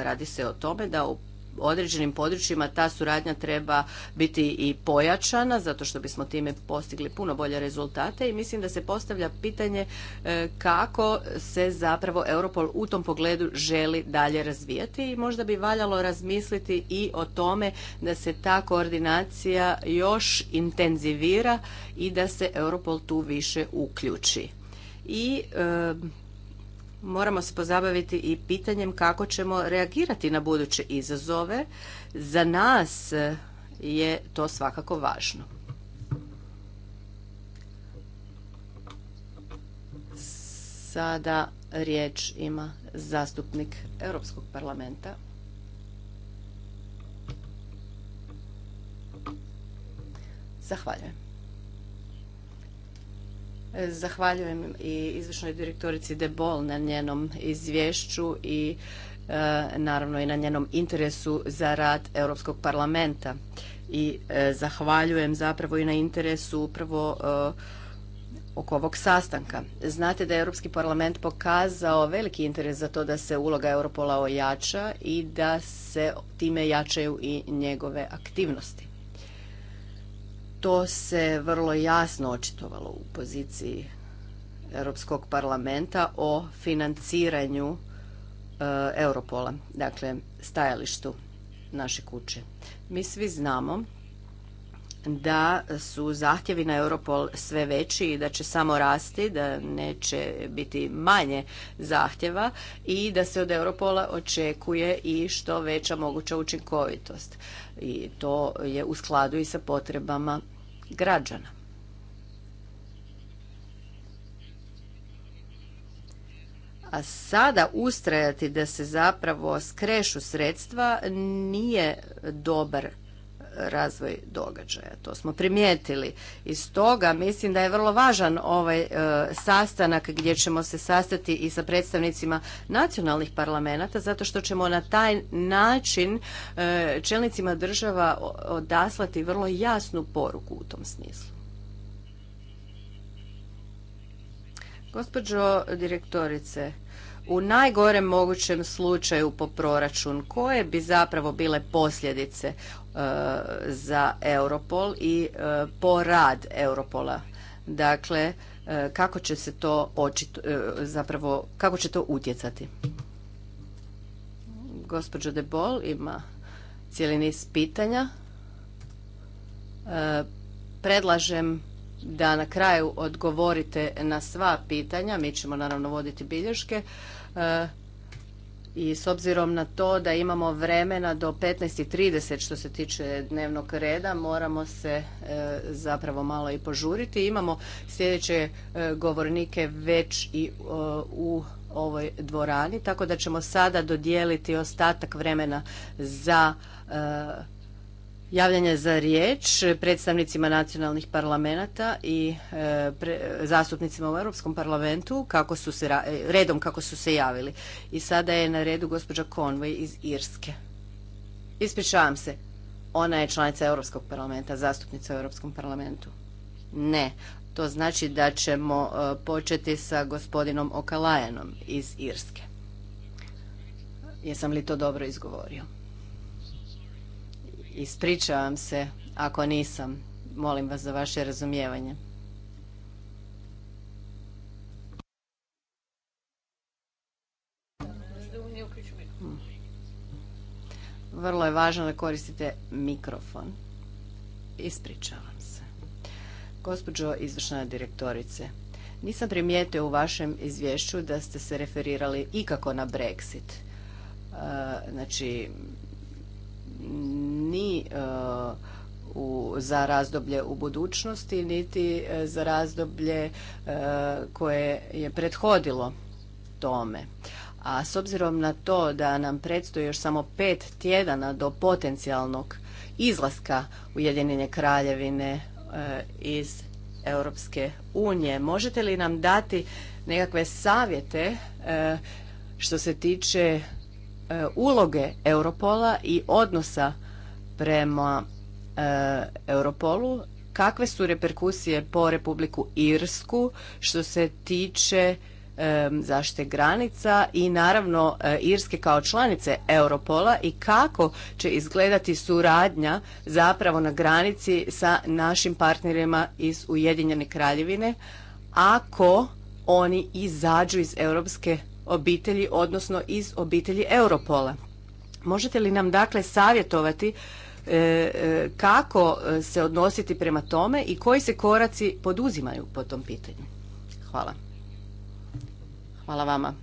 radi se o tome da u određenim područjima ta suradnja treba biti i pojačana zato što bismo time postigli puno bolje rezultate i mislim da se postavlja pitanje e, kako se zapravo Europol u tom pogledu želi dalje razvijati i možda bi valjalo razmisliti i o tome da se ta koordinacija još intenzivira i da se Europol tu više uključi. I e, moramo se pozabaviti i pitanjem kako ćemo reagirati na buduće izazove. Za nas eh, je to svakako važno. Sada riječ ima zastupnik Europskog parlamenta. Zahvaljujem. Zahvaljujem i izvršnoj direktorici De Bol na njenom izvješću i e, naravno i na njenom interesu za rad Europskog parlamenta. I e, zahvaljujem zapravo i na interesu upravo e, oko ovog sastanka. Znate da je Europski parlament pokazao veliki interes za to da se uloga Europola ojača i da se time jačaju i njegove aktivnosti to se vrlo jasno očitovalo u poziciji Europskog parlamenta o financiranju e, Europola, dakle stajalištu naše kuće. Mi svi znamo da su zahtjevi na Europol sve veći i da će samo rasti, da neće biti manje zahtjeva i da se od Europola očekuje i što veća moguća učinkovitost. I to je u skladu i sa potrebama građana. A sada ustrajati da se zapravo skrešu sredstva nije dobar razvoj događaja. To smo primijetili. I stoga mislim da je vrlo važan ovaj e, sastanak gdje ćemo se sastati i sa predstavnicima nacionalnih parlamenata zato što ćemo na taj način e, čelnicima država odaslati vrlo jasnu poruku u tom smislu. Gospođo direktorice, u najgorem mogućem slučaju po proračun koje bi zapravo bile posljedice Eh, za Europol i eh, po rad Europola. Dakle, eh, kako će se to zapravo, kako će to utjecati? Gospođo De Bol ima cijeli niz pitanja. Predlažem da na kraju odgovorite na sva pitanja. Mi ćemo naravno voditi bilješke i s obzirom na to da imamo vremena do 15.30 što se tiče dnevnog reda, moramo se e, zapravo malo i požuriti. Imamo sljedeće e, govornike već i e, u ovoj dvorani, tako da ćemo sada dodijeliti ostatak vremena za Javljanje za riječ predstavnicima nacionalnih parlamenata i e, zastupnicima u Europskom parlamentu kako su se, e, redom kako su se javili. I sada je na redu gospođa Conway iz Irske. Ispričavam se, ona je članica Europskog parlamenta, zastupnica u Europskom parlamentu. Ne, to znači da ćemo e, početi sa gospodinom Okalajanom iz Irske. Jesam li to dobro izgovorio? Ispričavam se ako nisam. Molim vas za vaše razumijevanje. Vrlo je važno da koristite mikrofon. Ispričavam se. Gospođo izvršna direktorice, nisam primijetio u vašem izvješću da ste se referirali ikako na Brexit. E, znači, ni e, za razdoblje u budućnosti niti e, za razdoblje e, koje je prethodilo tome. A s obzirom na to da nam predstoji još samo pet tjedana do potencijalnog izlaska Ujedinjene kraljevine iz Europske unije, možete li nam dati nekakve savjete što se tiče E, uloge Europola i odnosa prema e, Europolu, kakve su reperkusije po Republiku Irsku što se tiče e, zaštite granica i naravno Irske kao članice Europola i kako će izgledati suradnja zapravo na granici sa našim partnerima iz Ujedinjene kraljevine ako oni izađu iz Europske obitelji, odnosno iz obitelji Europola. Možete li nam dakle savjetovati e, e, kako e, se odnositi prema tome i koji se koraci poduzimaju po tom pitanju? Hvala. Hvala vama.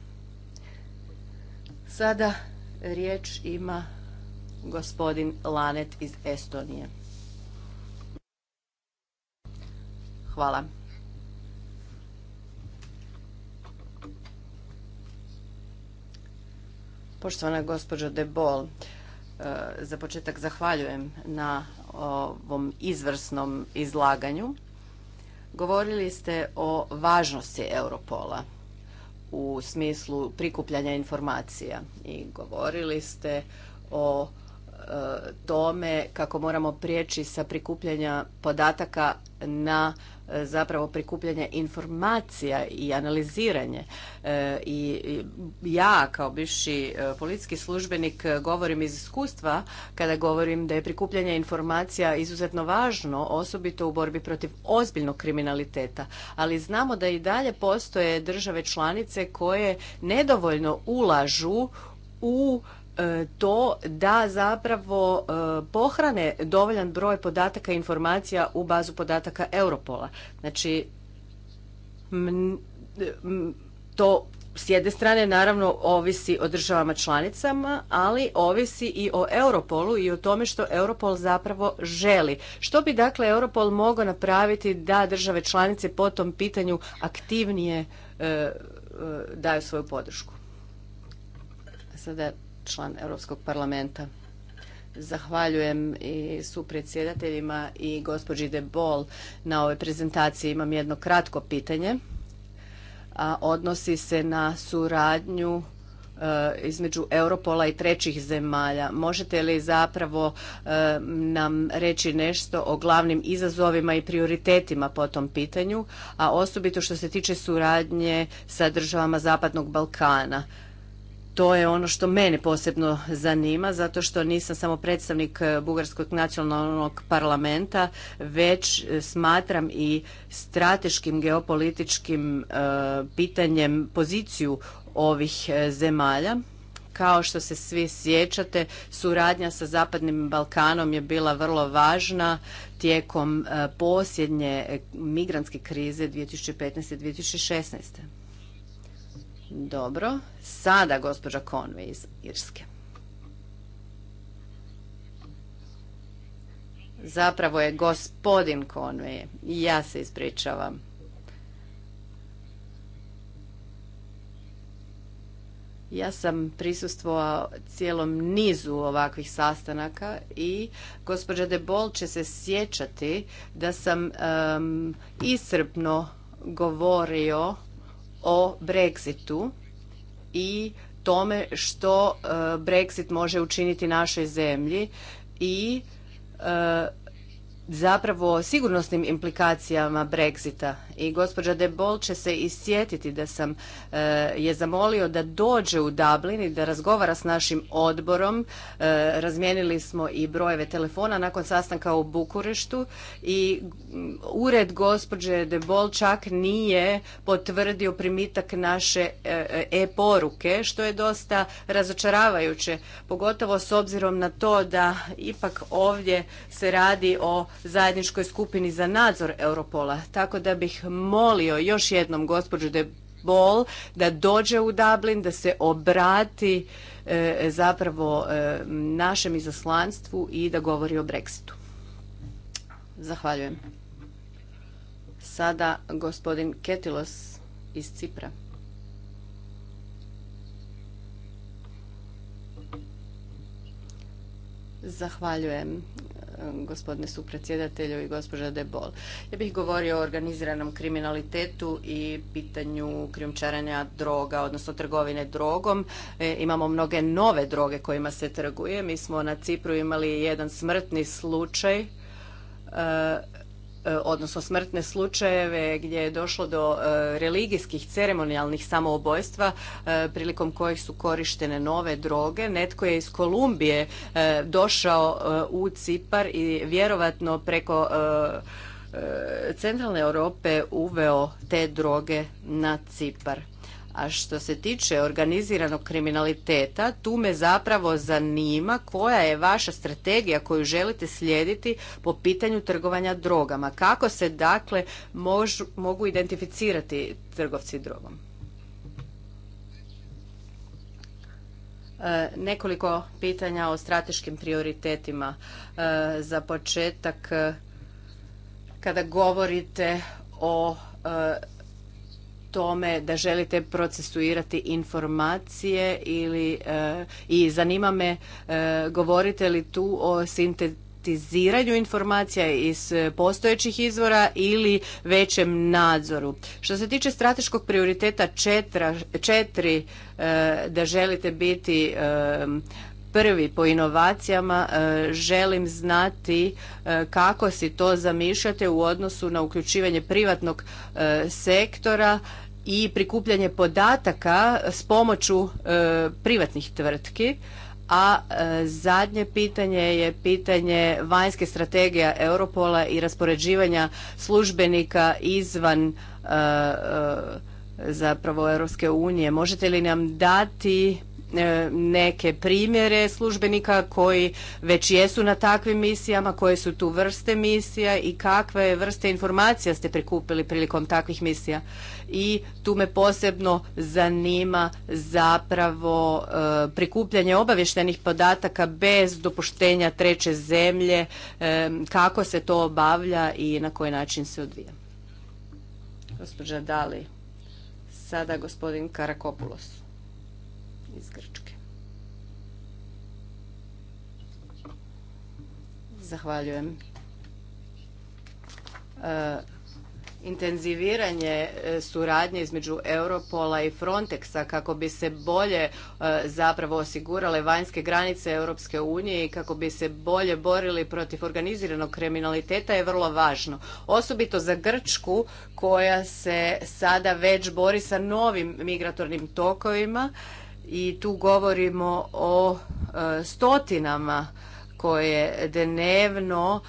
Sada riječ ima gospodin Lanet iz Estonije. Hvala. Poštovana gospođo De Bol, e, za početak zahvaljujem na ovom izvrsnom izlaganju. Govorili ste o važnosti Europola u smislu prikupljanja informacija i govorili ste o e, tome kako moramo prijeći sa prikupljanja podataka na zapravo prikupljanje informacija i analiziranje. E, I ja kao bivši e, policijski službenik govorim iz iskustva kada govorim da je prikupljanje informacija izuzetno važno, osobito u borbi protiv ozbiljnog kriminaliteta. Ali znamo da i dalje postoje države članice koje nedovoljno ulažu u E, to da zapravo e, pohrane dovoljan broj podataka i informacija u bazu podataka Europola. Znači, to s jedne strane naravno ovisi o državama članicama, ali ovisi i o Europolu i o tome što Europol zapravo želi. Što bi dakle Europol mogao napraviti da države članice po tom pitanju aktivnije e, daju svoju podršku? Sada član Europskog parlamenta. Zahvaljujem i supredsjedateljima i gospođi De Bol na ovoj prezentaciji. Imam jedno kratko pitanje. A odnosi se na suradnju e, između Europola i trećih zemalja. Možete li zapravo e, nam reći nešto o glavnim izazovima i prioritetima po tom pitanju, a osobito što se tiče suradnje sa državama Zapadnog Balkana? to je ono što mene posebno zanima zato što nisam samo predstavnik eh, bugarskog nacionalnog parlamenta već eh, smatram i strateškim geopolitičkim eh, pitanjem poziciju ovih zemalja kao što se svi sjećate suradnja sa zapadnim Balkanom je bila vrlo važna tijekom posljednje migrantske krize 2015. i 2016. Dobro. Sada gospođa Konve iz Irske. Zapravo je gospodin Konve. Ja se ispričavam. Ja sam prisustvovao cijelom nizu ovakvih sastanaka i gospođa De Bol će se sjećati da sam iscrpno govorio o Brexitu i tome što e, Brexit može učiniti našoj zemlji i e, zapravo o sigurnosnim implikacijama Brexita i gospođa De Bol će se isjetiti da sam eh, je zamolio da dođe u Dublin i da razgovara s našim odborom. Eh, razmijenili smo i brojeve telefona nakon sastanka u Bukureštu i mm, ured gospođe De Bol čak nije potvrdio primitak naše eh, e-poruke što je dosta razočaravajuće pogotovo s obzirom na to da ipak ovdje se radi o zajedničkoj skupini za nadzor Europola. Tako da bih molio još jednom gospođu De Bol da dođe u Dublin, da se obrati e, zapravo e, našem izaslanstvu i da govori o Brexitu. Zahvaljujem. Sada gospodin Ketilos iz Cipra. Zahvaljujem gospodine supredsjedatelju i gospođa Debol. Ja bih govorio o organiziranom kriminalitetu i pitanju krijumčarenja droga, odnosno trgovine drogom. E, imamo mnoge nove droge kojima se trguje. Mi smo na Cipru imali jedan smrtni slučaj e, E, odnosno smrtne slučajeve gdje je došlo do e, religijskih ceremonijalnih samoubojstva e, prilikom kojih su korištene nove droge. Netko je iz Kolumbije došao u Cipar i vjerovatno preko centralne Europe uveo te droge na Cipar. A što se tiče organiziranog kriminaliteta, tu me zapravo zanima koja je vaša strategija koju želite slijediti po pitanju trgovanja drogama. Kako se dakle mogu identificirati trgovci drogom? E, nekoliko pitanja o strateškim prioritetima. E, za početak, e, kada govorite o tome da želite procesuirati informacije ili eh, i zanima me eh, govorite li tu o sintetiziranju informacija iz postojećih izvora ili većem nadzoru. Što se tiče strateškog prioriteta četiri eh, da želite biti prvi po inovacijama e, želim znati e, kako si to zamišljate u odnosu na uključivanje privatnog e, sektora i prikupljanje podataka s pomoću privatnih tvrtki a zadnje pitanje je pitanje vanjske strategije Europola i raspoređivanja službenika izvan zapravo Europske unije. Možete li nam dati E, neke primjere službenika koji već jesu na takvim misijama, koje su tu vrste misija i kakve vrste informacija ste prikupili prilikom takvih misija. I tu me posebno zanima zapravo e, prikupljanje obavještenih podataka bez dopuštenja treće zemlje, e, kako se to obavlja i na koji način se odvija. Gospođa Dali, sada gospodin Karakopulos iz Grčke. Zahvaljujem. E, intenziviranje e, suradnje između Europola i Frontexa kako bi se bolje e, zapravo osigurale vanjske granice Europske unije i kako bi se bolje borili protiv organiziranog kriminaliteta je vrlo važno. Osobito za Grčku koja se sada već bori sa novim migratornim tokovima i tu govorimo o e, stotinama koje dnevno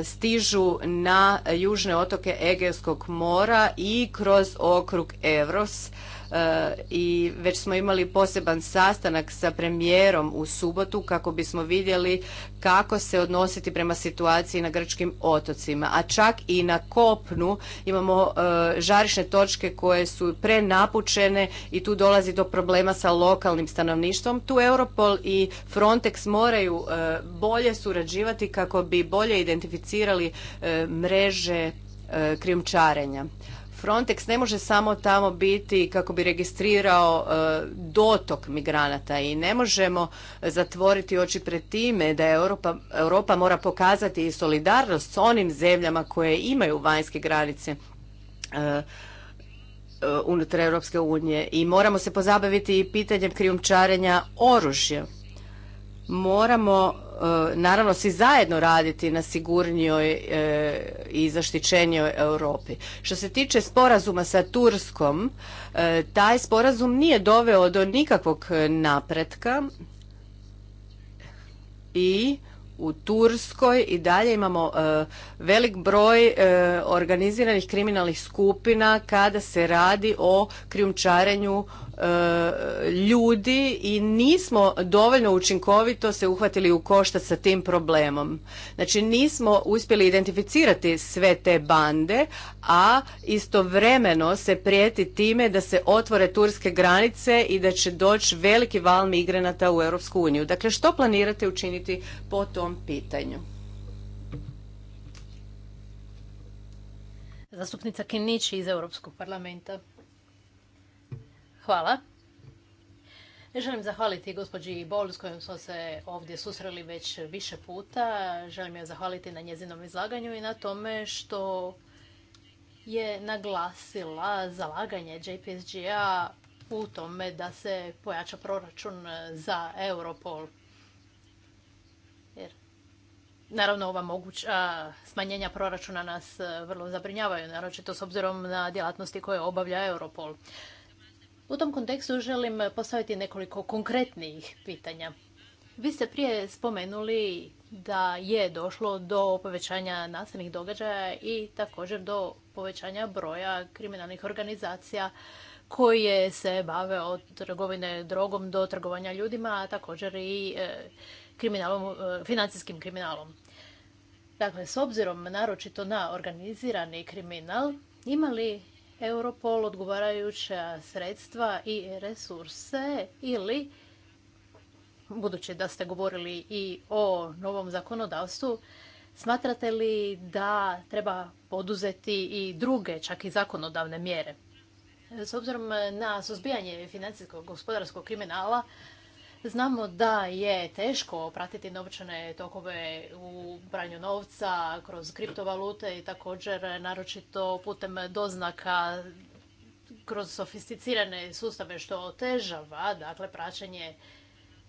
e, stižu na južne otoke Egejskog mora i kroz okrug Evros E, i već smo imali poseban sastanak sa premijerom u subotu kako bismo vidjeli kako se odnositi prema situaciji na grčkim otocima. A čak i na kopnu imamo e, žarišne točke koje su prenapučene i tu dolazi do problema sa lokalnim stanovništvom. Tu Europol i Frontex moraju e, bolje surađivati kako bi bolje identificirali mreže krijumčarenja. Frontex ne može samo tamo biti kako bi registrirao e, dotok migranata i ne možemo zatvoriti oči pred time da Europa, Europa mora pokazati i solidarnost s onim zemljama koje imaju vanjske granice e, e, unutar Europske unije i moramo se pozabaviti i pitanjem krijumčarenja oružja moramo e, naravno svi zajedno raditi na sigurnijoj e, i zaštićenijoj Europi. Što se tiče sporazuma sa Turskom, e, taj sporazum nije doveo do nikakvog napretka i u Turskoj i dalje imamo velik broj organiziranih kriminalnih skupina kada se radi o krijumčarenju E, ljudi i nismo dovoljno učinkovito se uhvatili u košta sa tim problemom. Znači nismo uspjeli identificirati sve te bande, a istovremeno se prijeti time da se otvore turske granice i da će doći veliki val migranata u Europsku uniju. Dakle, što planirate učiniti po tom pitanju? Zastupnica Kinić iz Europskog parlamenta. Hvala. Želim zahvaliti gospođi Bol s kojom smo se ovdje susreli već više puta. Želim joj zahvaliti na njezinom izlaganju i na tome što je naglasila zalaganje JPSG-a u tome da se pojača proračun za Europol. Jer, naravno, ova moguća smanjenja proračuna nas vrlo zabrinjavaju, naročito s obzirom na djelatnosti koje obavlja Europol. U tom kontekstu želim postaviti nekoliko konkretnijih pitanja. Vi ste prije spomenuli da je došlo do povećanja nasilnih događaja i također do povećanja broja kriminalnih organizacija koje se bave od trgovine drogom do trgovanja ljudima, a također i e, kriminalom, e, financijskim kriminalom. Dakle, s obzirom naročito na organizirani kriminal, ima li Europol odgovarajuća sredstva i resurse ili, budući da ste govorili i o novom zakonodavstvu, smatrate li da treba poduzeti i druge, čak i zakonodavne mjere? S obzirom na suzbijanje financijskog gospodarskog kriminala, Znamo da je teško pratiti novčane tokove u pranju novca kroz kriptovalute i također naročito putem doznaka kroz sofisticirane sustave što otežava dakle praćenje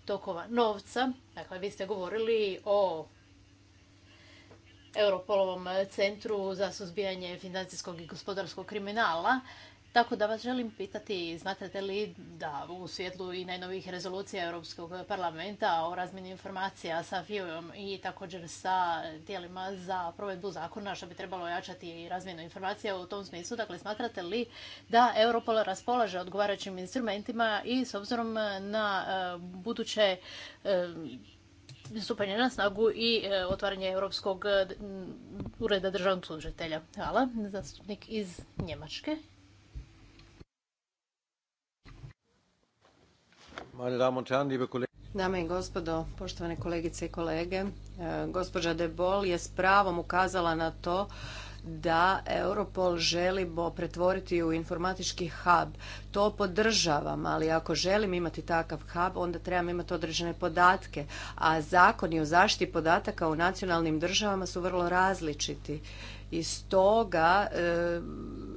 tokova novca. Dakle, vi ste govorili o Europolovom centru za suzbijanje financijskog i gospodarskog kriminala. Tako da vas želim pitati, smatrate li da u svjetlu i najnovijih rezolucija Europskog parlamenta o razmjeni informacija sa FIU-om i također sa tijelima za provedbu zakona što bi trebalo jačati i razmjenu informacija u tom smislu, dakle smatrate li da Europol raspolaže odgovarajućim instrumentima i s obzirom na e, buduće e, stupanje na snagu i e, otvaranje Europskog ureda državnog služitelja. Hvala. Zastupnik iz Njemačke. Dame i gospodo, poštovane kolegice i kolege, e, gospođa De Bol je s pravom ukazala na to da Europol želimo pretvoriti u informatički hub. To podržavam, ali ako želim imati takav hub, onda trebam imati određene podatke. A zakoni o zaštiti podataka u nacionalnim državama su vrlo različiti i stoga e,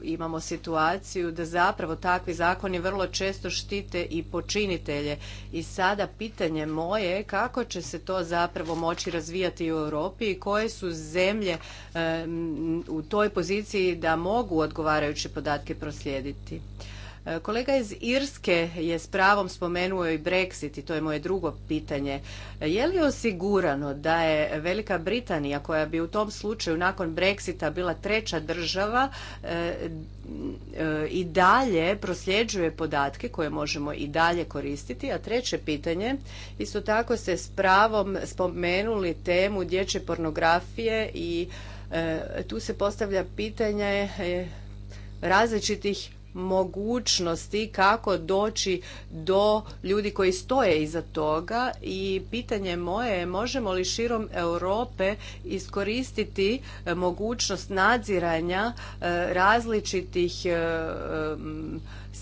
imamo situaciju da zapravo takvi zakoni vrlo često štite i počinitelje i sada pitanje moje je kako će se to zapravo moći razvijati u Europi i koje su zemlje e, u toj poziciji da mogu odgovarajuće podatke proslijediti. E, kolega iz Irske je s pravom spomenuo i Brexit i to je moje drugo pitanje. E, je li osigurano da je Velika Britanija koja bi u tom slučaju nakon Brexita bila treća država e, i dalje prosljeđuje podatke koje možemo i dalje koristiti? A treće pitanje, isto tako ste s pravom spomenuli temu dječje pornografije i tu se postavlja pitanje različitih mogućnosti kako doći do ljudi koji stoje iza toga i pitanje moje je možemo li širom Europe iskoristiti e, mogućnost nadziranja e, različitih e,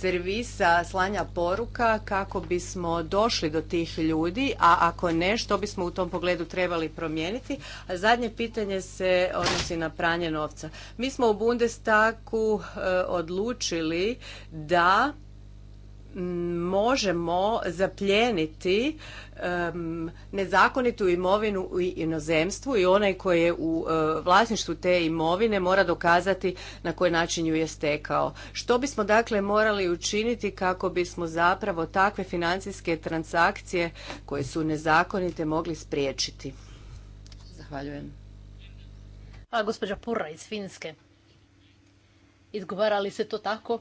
servisa slanja poruka kako bismo došli do tih ljudi, a ako ne, što bismo u tom pogledu trebali promijeniti. A zadnje pitanje se odnosi na pranje novca. Mi smo u Bundestagu e, odlučili da možemo zapljeniti nezakonitu imovinu u inozemstvu i onaj koji je u e, vlasništvu te imovine mora dokazati na koji način ju je stekao. Što bismo dakle morali učiniti kako bismo zapravo takve financijske transakcije koje su nezakonite mogli spriječiti? Zahvaljujem. A gospođa Purra iz Finske. Izgovarali se to tako?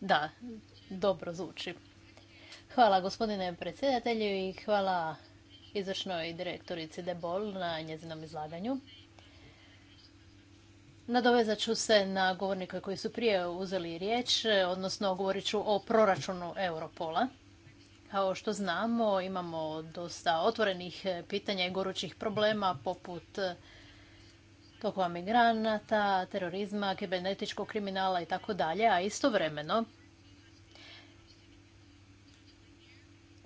Da, dobro zvuči. Hvala gospodine predsjedatelju i hvala izvršnoj direktorici Debol na njezinom izlaganju. Nadovezat ću se na govornike koji su prije uzeli riječ, odnosno govorit ću o proračunu Europola. Kao što znamo, imamo dosta otvorenih pitanja i gorućih problema poput tokova migranata, terorizma, kibernetičkog kriminala i tako dalje, a istovremeno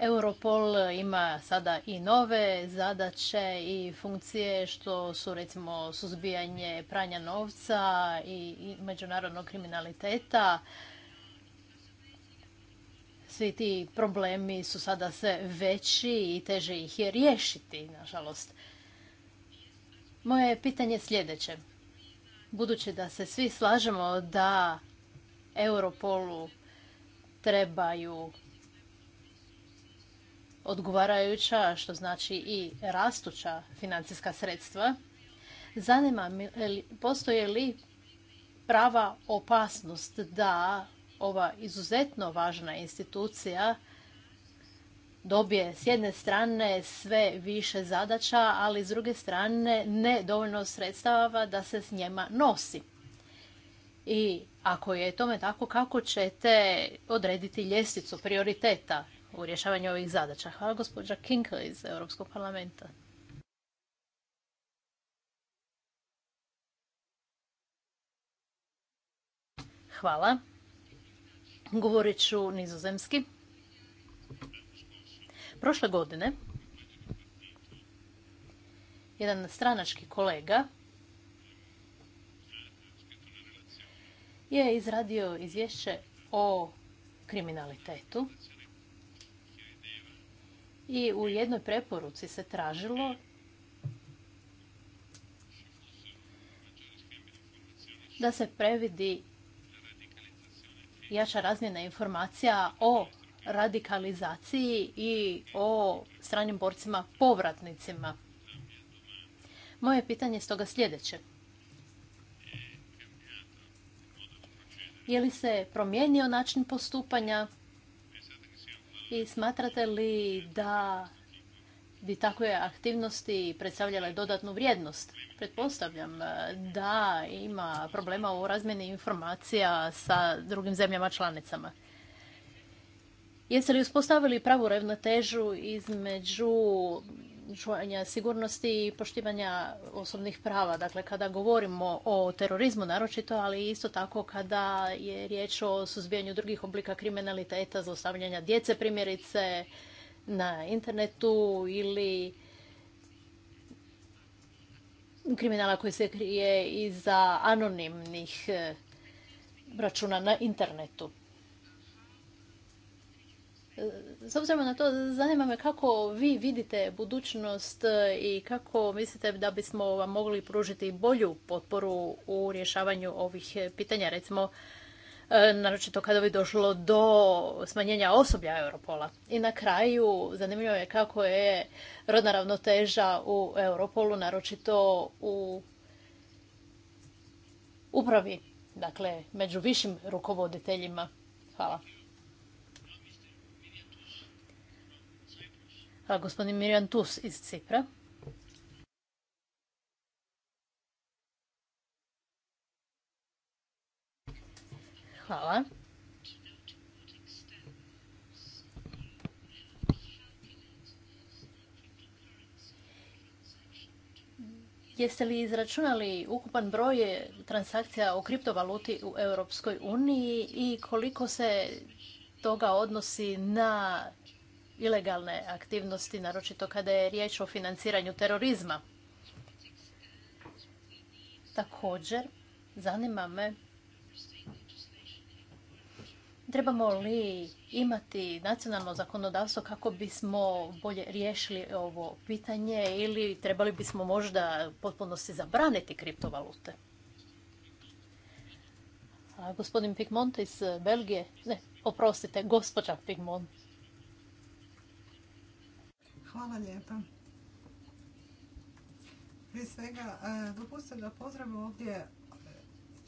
Europol ima sada i nove zadaće i funkcije što su recimo suzbijanje pranja novca i međunarodnog kriminaliteta. Svi ti problemi su sada sve veći i teže ih je riješiti, nažalost. Moje pitanje je sljedeće. Budući da se svi slažemo da Europolu trebaju odgovarajuća, što znači i rastuća financijska sredstva. Zanima postoje li prava opasnost da ova izuzetno važna institucija dobije s jedne strane sve više zadaća, ali s druge strane ne dovoljno sredstava da se s njema nosi. I ako je tome tako, kako ćete odrediti ljestvicu prioriteta? u rješavanju ovih zadaća. Hvala gospođa Kinka iz Europskog parlamenta. Hvala. Govorit ću nizozemski. Prošle godine jedan stranački kolega je izradio izvješće o kriminalitetu i u jednoj preporuci se tražilo da se previdi jača razmjena informacija o radikalizaciji i o stranim borcima povratnicima. Moje pitanje stoga sljedeće. Je li se promijenio način postupanja i smatrate li da bi takve aktivnosti predstavljale dodatnu vrijednost? Pretpostavljam e, da ima problema u razmjeni informacija sa drugim zemljama članicama. Jeste li uspostavili pravu ravnotežu između čuvanja sigurnosti i poštivanja osobnih prava. Dakle, kada govorimo o terorizmu naročito, ali isto tako kada je riječ o suzbijanju drugih oblika kriminaliteta, zlostavljanja djece primjerice na internetu ili kriminala koji se krije iza anonimnih eh, računa na internetu. S obzirom na to, zanima me kako vi vidite budućnost e, i kako mislite da bismo vam mogli pružiti bolju potporu u rješavanju ovih pitanja, recimo e, naročito kada bi došlo do smanjenja osoblja Europola. I na kraju, zanimljivo je kako je rodna ravnoteža u Europolu, naročito u upravi, dakle među višim rukovoditeljima. Hvala. A gospodin Mirjan Tus iz Cipra. Hvala. Jeste li izračunali ukupan broj transakcija o kriptovaluti u Europskoj uniji i koliko se toga odnosi na ilegalne aktivnosti, naročito kada je riječ o financiranju terorizma. Također, zanima me trebamo li imati nacionalno zakonodavstvo kako bismo bolje riješili ovo pitanje ili trebali bismo možda potpunosti zabraniti kriptovalute? gospodin Pigmont iz Belgije, ne, oprostite, gospođa Pigmont Hvala lijepa. Prije svega, e, dopustite da pozdravim ovdje e,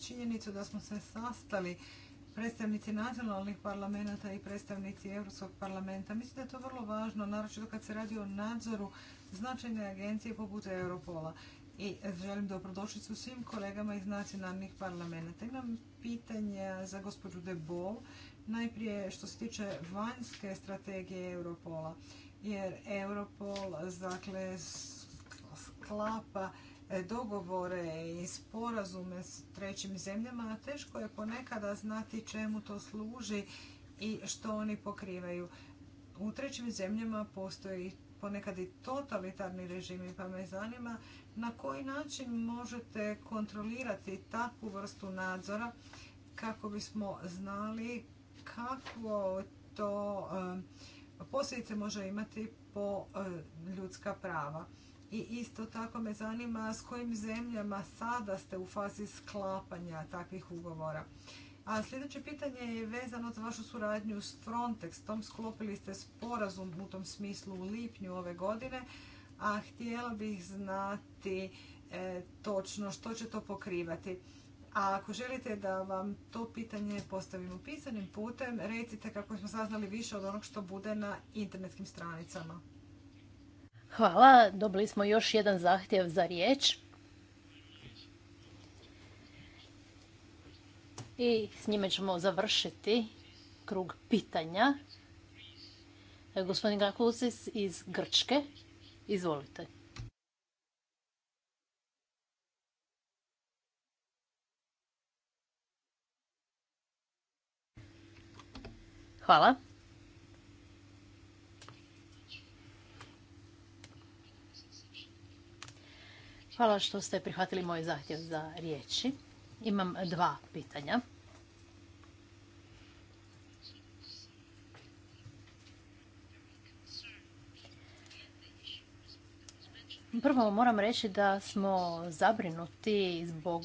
činjenicu da smo se sastali predstavnici nacionalnih parlamenta i predstavnici Europskog parlamenta. Mislim da je to vrlo važno, naročito kad se radi o nadzoru značajne agencije poput Europola. I želim dobrodošlicu svim kolegama iz nacionalnih parlamenta. Imam pitanje za gospođu De Bol, najprije što se tiče vanjske strategije Europola jer Europol dakle, sklapa e, dogovore i sporazume s trećim zemljama, a teško je ponekada znati čemu to služi i što oni pokrivaju. U trećim zemljama postoji ponekad i totalitarni režimi, pa me zanima na koji način možete kontrolirati takvu vrstu nadzora kako bismo znali kako to e, posljedice može imati po e, ljudska prava. I isto tako me zanima s kojim zemljama sada ste u fazi sklapanja takvih ugovora. A sljedeće pitanje je vezano za vašu suradnju s Frontexom. Sklopili ste sporazum u tom smislu u lipnju ove godine, a htjela bih znati e, točno što će to pokrivati. A ako želite da vam to pitanje postavimo pisanim putem, recite kako smo saznali više od onog što bude na internetskim stranicama. Hvala, dobili smo još jedan zahtjev za riječ. I s njime ćemo završiti krug pitanja. E, gospodin Gakusis iz Grčke, izvolite. Hvala. Hvala što ste prihvatili moj zahtjev za riječi. Imam dva pitanja. Prvo moram reći da smo zabrinuti zbog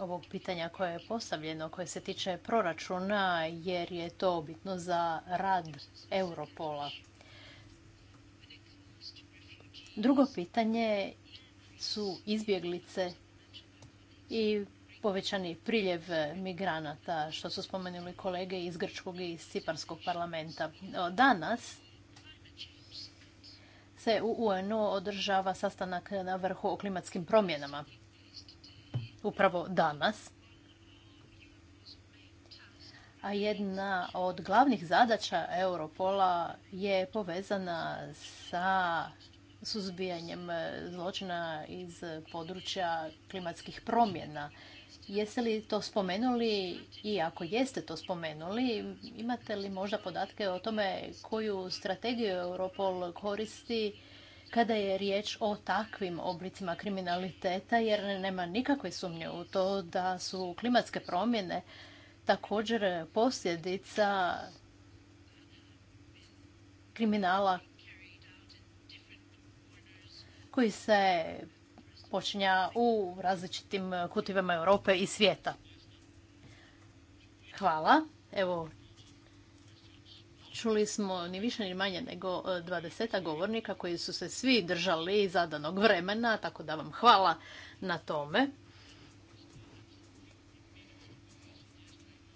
ovog pitanja koje je postavljeno, koje se tiče proračuna, jer je to bitno za rad Europola. Drugo pitanje su izbjeglice i povećani priljev migranata, što su spomenuli kolege iz Grčkog i Ciparskog parlamenta. Danas se u UNO održava sastanak na vrhu o klimatskim promjenama upravo danas. A jedna od glavnih zadaća Europola je povezana sa suzbijanjem zločina iz područja klimatskih promjena. Jeste li to spomenuli i ako jeste to spomenuli, imate li možda podatke o tome koju strategiju Europol koristi kada je riječ o takvim oblicima kriminaliteta jer nema nikakve sumnje u to da su klimatske promjene također posljedica kriminala koji se počinja u različitim kutivama Europe i svijeta. Hvala. Evo, Čuli smo ni više ni manje nego e, dvadeseta govornika koji su se svi držali zadanog vremena, tako da vam hvala na tome.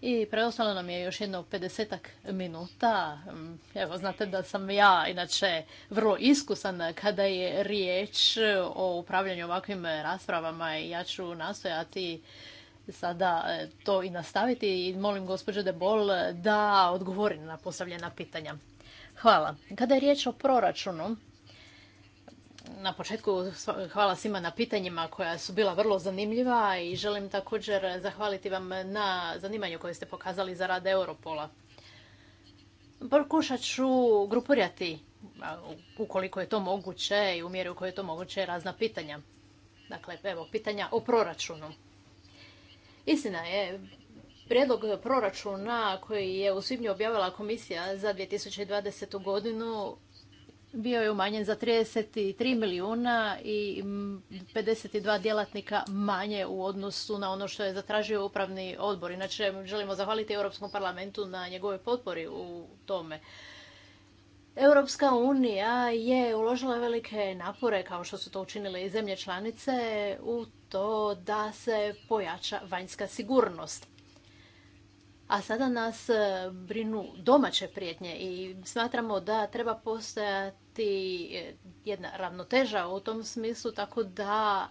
I preostalo nam je još jedno 50 minuta. Mm, evo, znate da sam ja inače vrlo iskusan kada je riječ o upravljanju ovakvim raspravama i ja ću nastojati sada e, to i nastaviti i molim gospođe De Bol e, da odgovori na postavljena pitanja. Hvala. Kada je riječ o proračunu, na početku hvala svima na pitanjima koja su bila vrlo zanimljiva i želim također zahvaliti vam na zanimanju koje ste pokazali za rad Europola. Pokušat ću grupirati, ukoliko je to moguće i u mjeri u kojoj je to moguće, razna pitanja. Dakle, evo, pitanja o proračunu. Istina je, prijedlog proračuna koji je u svibnju objavila komisija za 2020. godinu bio je umanjen za 33 milijuna i 52 djelatnika manje u odnosu na ono što je zatražio upravni odbor. Inače, želimo zahvaliti Europskom parlamentu na njegove potpori u tome. Europska unija je uložila velike napore, kao što su to učinile i zemlje članice, u to da se pojača vanjska sigurnost. A sada nas e, brinu domaće prijetnje i smatramo da treba postojati e, jedna ravnoteža u tom smislu tako da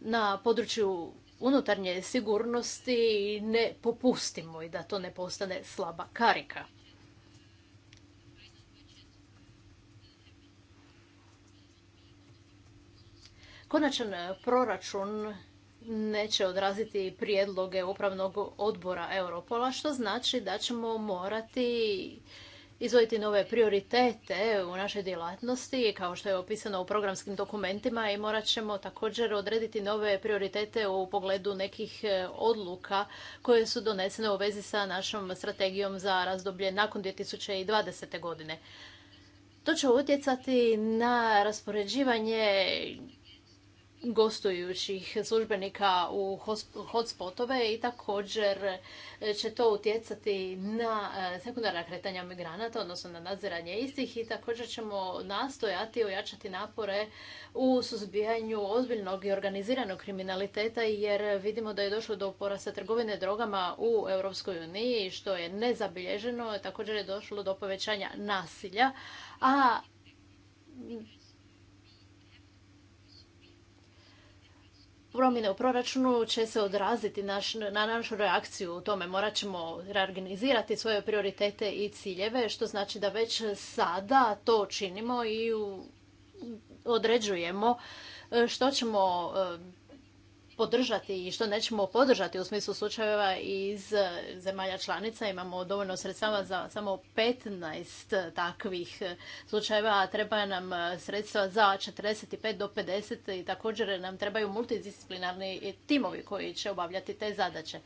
na području unutarnje sigurnosti ne popustimo i da to ne postane slaba karika. Konačan e, proračun neće odraziti prijedloge upravnog odbora Europola, što znači da ćemo morati izvojiti nove prioritete u našoj djelatnosti, kao što je opisano u programskim dokumentima i morat ćemo također odrediti nove prioritete u pogledu nekih e, odluka koje su donesene u vezi sa našom strategijom za razdoblje nakon 2020. godine. To će utjecati na raspoređivanje gostujućih službenika u hotspotove i također e, će to utjecati na e, sekundarna kretanja migranata, odnosno na nadziranje istih i također ćemo nastojati ojačati napore u suzbijanju ozbiljnog i organiziranog kriminaliteta jer vidimo da je došlo do porasta trgovine drogama u Europskoj uniji što je nezabilježeno, također je došlo do povećanja nasilja, a promjene u proračunu će se odraziti na našu reakciju u tome. Morat ćemo reorganizirati svoje prioritete i ciljeve, što znači da već sada to činimo i određujemo e, što ćemo e, podržati i što nećemo podržati u smislu slučajeva iz eh, zemalja članica. Imamo dovoljno sredstava za samo 15 takvih eh, slučajeva, a treba nam eh, sredstva za 45 do 50 i također nam trebaju multidisciplinarni timovi koji će obavljati te zadaće.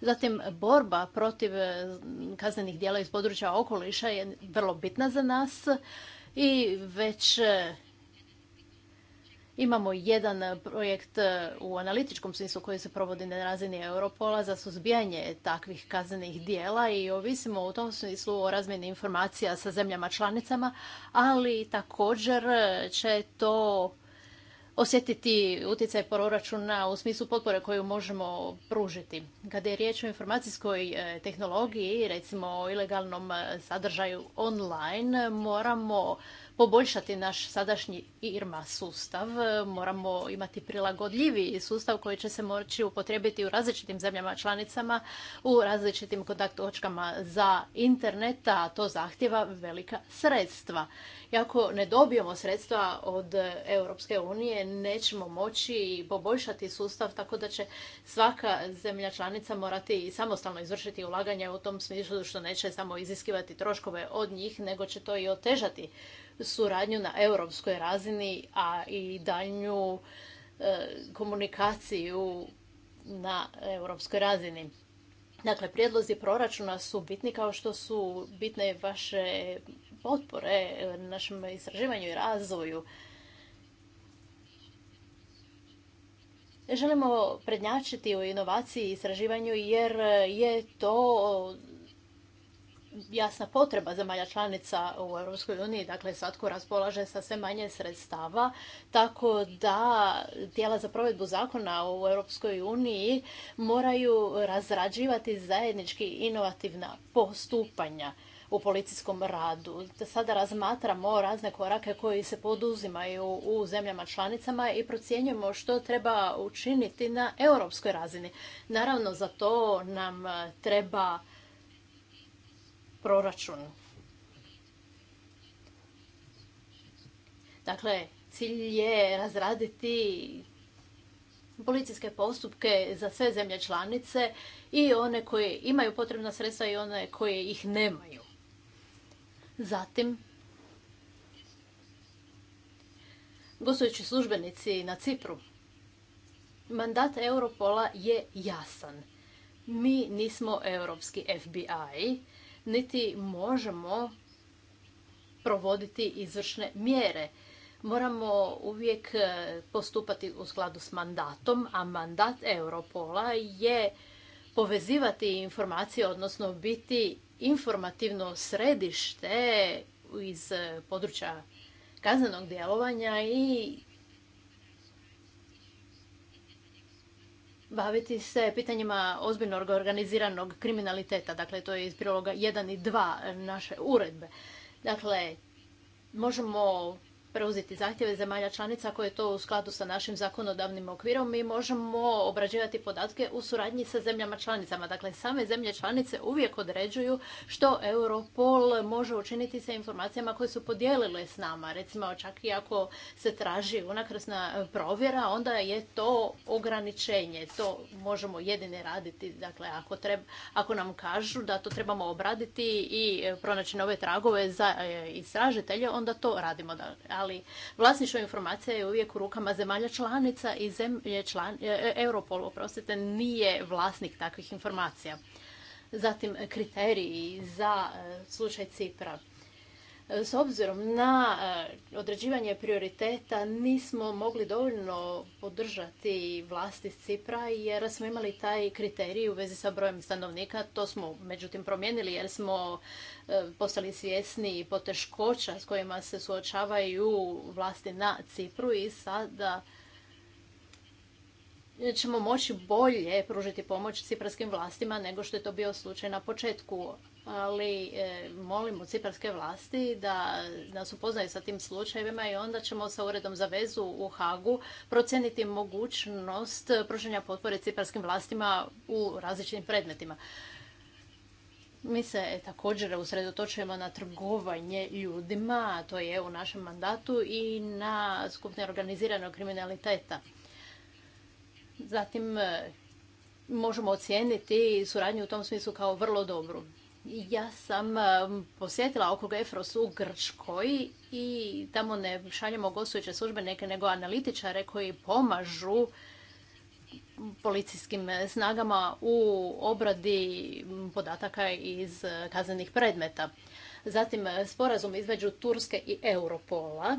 Zatim, borba protiv kaznenih dijela iz područja okoliša je vrlo bitna za nas i već Imamo jedan eh, projekt eh, u analitičkom smislu koji se provodi na razini Europola za suzbijanje takvih kaznenih dijela i ovisimo u tom smislu o razmjeni informacija sa zemljama članicama, ali također eh, će to osjetiti utjecaj proračuna u smislu potpore koju možemo pružiti. Kada je riječ o informacijskoj tehnologiji, recimo o ilegalnom sadržaju online, moramo poboljšati naš sadašnji IRMA sustav. E, moramo imati prilagodljiviji sustav koji će se moći upotrijebiti u različitim zemljama članicama, u različitim kontakt točkama za internet, a to zahtjeva velika sredstva. I ako ne dobijemo sredstva od Europske unije, nećemo moći poboljšati sustav tako da će svaka zemlja članica morati samostalno izvršiti ulaganje u tom smislu što neće samo iziskivati troškove od njih, nego će to i otežati suradnju na europskoj razini, a i daljnju e, komunikaciju na europskoj razini. Dakle, prijedlozi proračuna su bitni kao što su bitne vaše potpore našem istraživanju i razvoju. Želimo prednjačiti u inovaciji i istraživanju jer je to jasna potreba zemalja članica u Europskoj uniji, dakle svatko raspolaže sa sve manje sredstava, tako da tijela za provedbu zakona u Europskoj uniji moraju razrađivati zajednički inovativna postupanja u policijskom radu. Sada razmatramo razne korake koji se poduzimaju u zemljama članicama i procjenjujemo što treba učiniti na europskoj razini. Naravno, za to nam treba proračun. Dakle, cilj je razraditi policijske postupke za sve zemlje članice i one koje imaju potrebna sredstva i one koje ih nemaju. Zatim, gostujući službenici na Cipru, mandat Europola je jasan. Mi nismo europski FBI, niti možemo provoditi izvršne mjere. Moramo uvijek e, postupati u skladu s mandatom, a mandat Europola je povezivati informacije, odnosno biti informativno središte iz e, područja kaznenog djelovanja i baviti se pitanjima ozbiljnog organiziranog kriminaliteta. Dakle, to je iz priloga 1 i 2 naše uredbe. Dakle, možemo preuzeti zahtjeve zemalja članica koje je to u skladu sa našim zakonodavnim okvirom. Mi možemo obrađivati podatke u suradnji sa zemljama članicama. Dakle, same zemlje članice uvijek određuju što Europol može učiniti sa informacijama koje su podijelile s nama. Recimo, čak i ako se traži unakrsna provjera, onda je to ograničenje. To možemo jedine raditi. Dakle, ako, treba, ako nam kažu da to trebamo obraditi i pronaći nove tragove za e, istražitelje, onda to radimo. Ali ali vlasništvo informacija je uvijek u rukama zemalja članica i zemlje član, e, e, Europol, oprostite, nije vlasnik takvih informacija. Zatim kriteriji za e, slučaj Cipra. S obzirom na e, određivanje prioriteta nismo mogli dovoljno podržati vlasti Cipra jer smo imali taj kriterij u vezi sa brojem stanovnika. To smo međutim promijenili jer smo e, postali svjesni poteškoća s kojima se suočavaju vlasti na Cipru i sada ćemo moći bolje pružiti pomoć ciprskim vlastima nego što je to bio slučaj na početku ali e, molimo ciparske vlasti da nas upoznaju sa tim slučajevima i onda ćemo sa uredom za vezu u Hagu procijeniti mogućnost pružanja potpore ciparskim vlastima u različitim predmetima. Mi se također usredotočujemo na trgovanje ljudima, a to je u našem mandatu, i na skupne organiziranog kriminaliteta. Zatim, e, možemo ocijeniti suradnju u tom smislu kao vrlo dobru. Ja sam posjetila okrug EFROS u Grčkoj i tamo ne šaljemo gostujuće neke, nego analitičare koji pomažu policijskim snagama u obradi podataka iz kaznenih predmeta. Zatim sporazum između Turske i Europola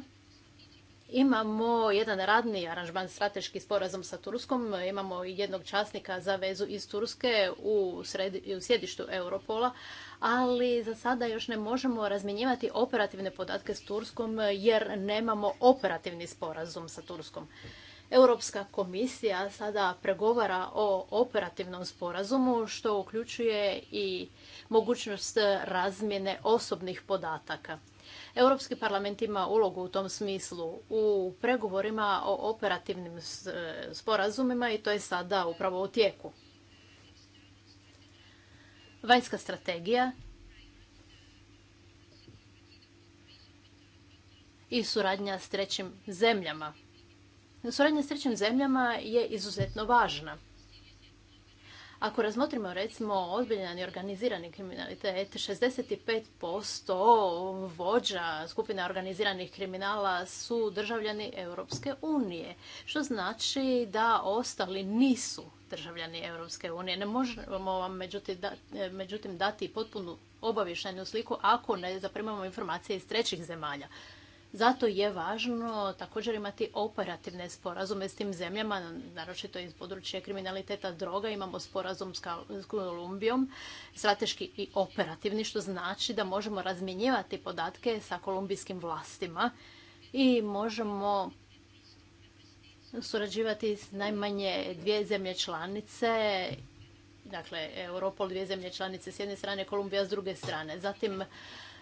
Imamo jedan radni aranžman, strateški sporazum sa Turskom, imamo i jednog časnika za vezu iz Turske u, sredi, u sjedištu Europola, ali za sada još ne možemo razmjenjivati operativne podatke s Turskom jer nemamo operativni sporazum sa Turskom. Europska komisija sada pregovara o operativnom sporazumu što uključuje i mogućnost razmjene osobnih podataka. Europski parlament ima ulogu u tom smislu u pregovorima o operativnim e, sporazumima i to je sada upravo u tijeku. Vanjska strategija i suradnja s trećim zemljama. Suradnja s trećim zemljama je izuzetno važna. Ako razmotrimo recimo ozbiljan i organizirani kriminalitet, 65% vođa skupina organiziranih kriminala su državljani Europske unije, što znači da ostali nisu državljani Europske unije. Ne možemo vam međutim, međutim dati potpunu obavještajnu sliku ako ne zaprimamo informacije iz trećih zemalja. Zato je važno također imati operativne sporazume s tim zemljama, naročito iz područja kriminaliteta droga. Imamo sporazum s Kolumbijom, strateški i operativni, što znači da možemo razmjenjivati podatke sa kolumbijskim vlastima i možemo surađivati s najmanje dvije zemlje članice dakle Europol dvije zemlje članice s jedne strane, Kolumbija s druge strane. Zatim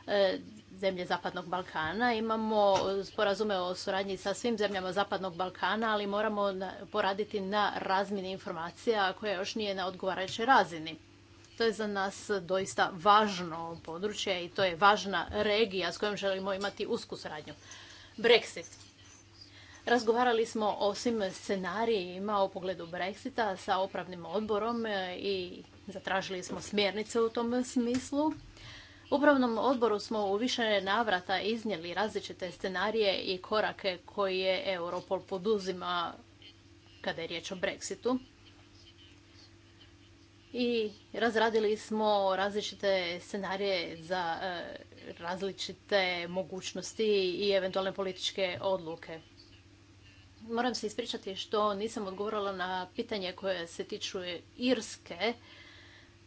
E, zemlje Zapadnog Balkana. Imamo sporazume o suradnji sa svim zemljama Zapadnog Balkana, ali moramo poraditi na razmini informacija koja još nije na odgovarajućoj razini. To je za nas doista važno područje i to je važna regija s kojom želimo imati usku suradnju. Brexit. Razgovarali smo o svim scenarijima u pogledu Brexita sa opravnim odborom e, i zatražili smo smjernice u tom smislu upravnom odboru smo u više navrata iznijeli različite scenarije i korake koje Europol poduzima kada je riječ o Brexitu. I razradili smo različite scenarije za e, različite mogućnosti i eventualne političke odluke. Moram se ispričati što nisam odgovorila na pitanje koje se tiču Irske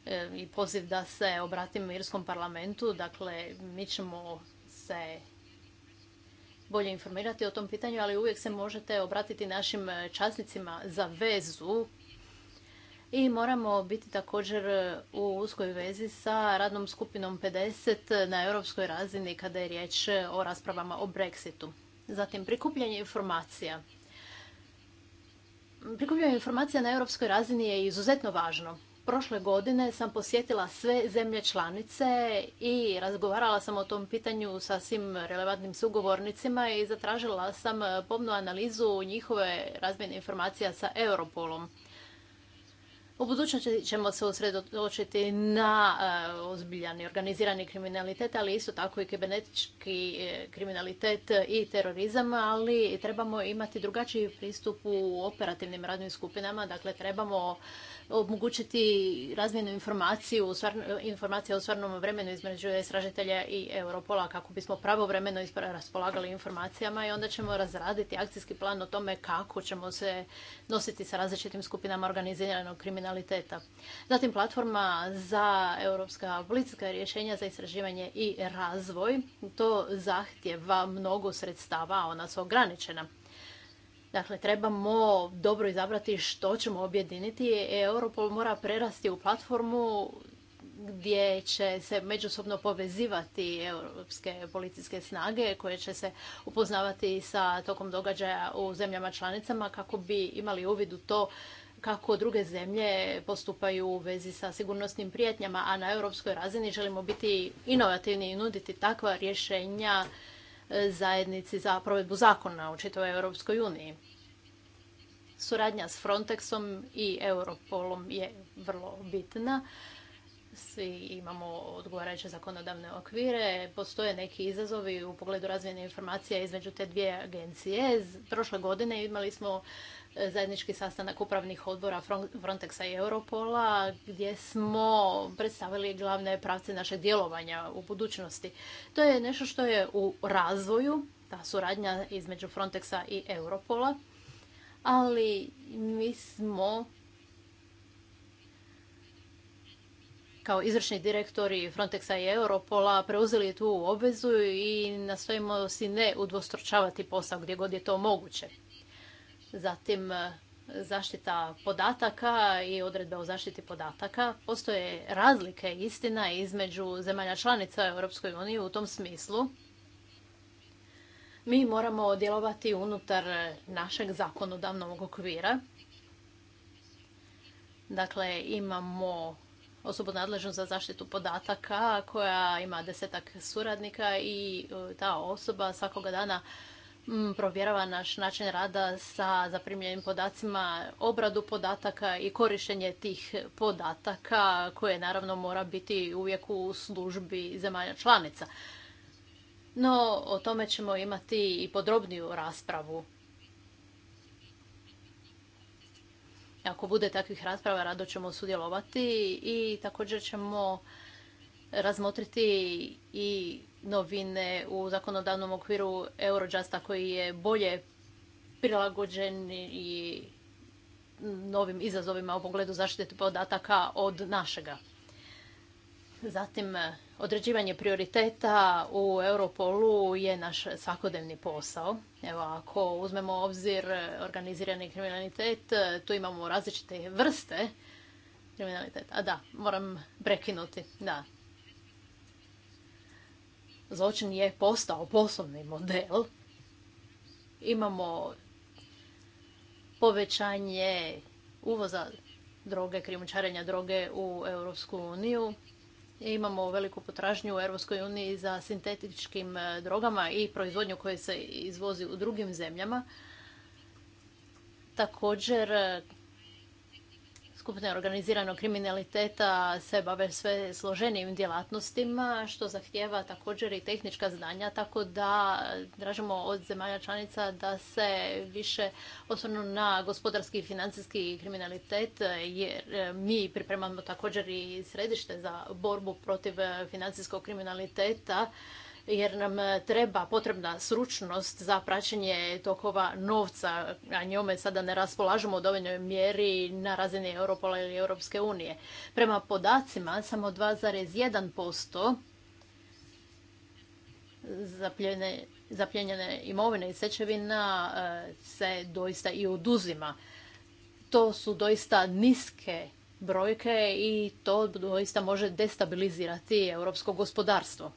E, i poziv da se obratim Irskom parlamentu. Dakle, mi ćemo se bolje informirati o tom pitanju, ali uvijek se možete obratiti našim časnicima za vezu i moramo biti također u uskoj vezi sa radnom skupinom 50 na europskoj razini kada je riječ o raspravama o Brexitu. Zatim, prikupljanje informacija. Prikupljanje informacija na europskoj razini je izuzetno važno. Prošle godine sam posjetila sve zemlje članice i razgovarala sam o tom pitanju sa svim relevantnim sugovornicima i zatražila sam pomnu analizu njihove razmjene informacija sa Europolom. U budućnosti ćemo se usredotočiti na e, ozbiljan i organizirani kriminalitet, ali isto tako i kibernetički e, kriminalitet i terorizam, ali trebamo imati drugačiji pristup u operativnim radnim skupinama, dakle trebamo omogućiti razmjenu informaciju, informacija u stvarnom vremenu između istražitelja i Europola kako bismo pravovremeno raspolagali informacijama i onda ćemo razraditi akcijski plan o tome kako ćemo se nositi sa različitim skupinama organiziranog kriminala kriminaliteta. Zatim platforma za europska policijska rješenja za istraživanje i razvoj. To zahtjeva mnogo sredstava, a ona su ograničena. Dakle, trebamo dobro izabrati što ćemo objediniti. Europol mora prerasti u platformu gdje će se međusobno povezivati europske policijske snage koje će se upoznavati sa tokom događaja u zemljama članicama kako bi imali uvid u to kako druge zemlje postupaju u vezi sa sigurnosnim prijetnjama, a na europskoj razini želimo biti inovativni i nuditi takva rješenja e, zajednici za provedbu zakona u čitavoj Europskoj uniji. Suradnja s Frontexom i Europolom je vrlo bitna. Svi imamo odgovarajuće zakonodavne okvire. Postoje neki izazovi u pogledu razvijene informacija između te dvije agencije. Prošle godine imali smo E, zajednički sastanak upravnih odbora Frontexa i Europola gdje smo predstavili glavne pravce našeg djelovanja u budućnosti. To je nešto što je u razvoju, ta suradnja između Frontexa i Europola, ali mi smo kao izvršni direktori Frontexa i Europola preuzeli tu obvezu i nastojimo si ne udvostručavati posao gdje god je to moguće zatim e, zaštita podataka i odredbe o zaštiti podataka. Postoje razlike, istina, između zemalja članica Europskoj uniji u tom smislu. Mi moramo djelovati unutar našeg zakonodavnog okvira. Dakle, imamo osobu nadležnu za zaštitu podataka koja ima desetak suradnika i e, ta osoba svakoga dana provjerava naš način rada sa zaprimljenim podacima, obradu podataka i korištenje tih podataka koje naravno mora biti uvijek u službi zemalja članica. No, o tome ćemo imati i podrobniju raspravu. Ako bude takvih rasprava, rado ćemo sudjelovati i također ćemo razmotriti i novine u zakonodavnom okviru Eurojusta koji je bolje prilagođen i novim izazovima u pogledu zaštite podataka od našega. Zatim, određivanje prioriteta u Europolu je naš svakodnevni posao. Evo, ako uzmemo obzir organizirani kriminalitet, tu imamo različite vrste kriminaliteta. A da, moram prekinuti, da zločin je postao poslovni model. Imamo povećanje uvoza droge, krijumčarenja droge u Europsku uniju. Imamo veliku potražnju u Europskoj uniji za sintetičkim e, drogama i proizvodnju koje se izvozi u drugim zemljama. Također, skupne organiziranog kriminaliteta se bave sve složenijim djelatnostima, što zahtjeva također i tehnička znanja, tako da tražimo od zemalja članica da se više osvrnu na gospodarski i financijski kriminalitet, jer e, mi pripremamo također i središte za borbu protiv financijskog kriminaliteta, jer nam e, treba potrebna sručnost za praćenje tokova novca, a njome sada ne raspolažemo u dovoljnoj mjeri na razini Europola ili Europske unije. Prema podacima samo 2,1% zapljenjene imovine i sečevina e, se doista i oduzima. To su doista niske brojke i to doista može destabilizirati europsko gospodarstvo.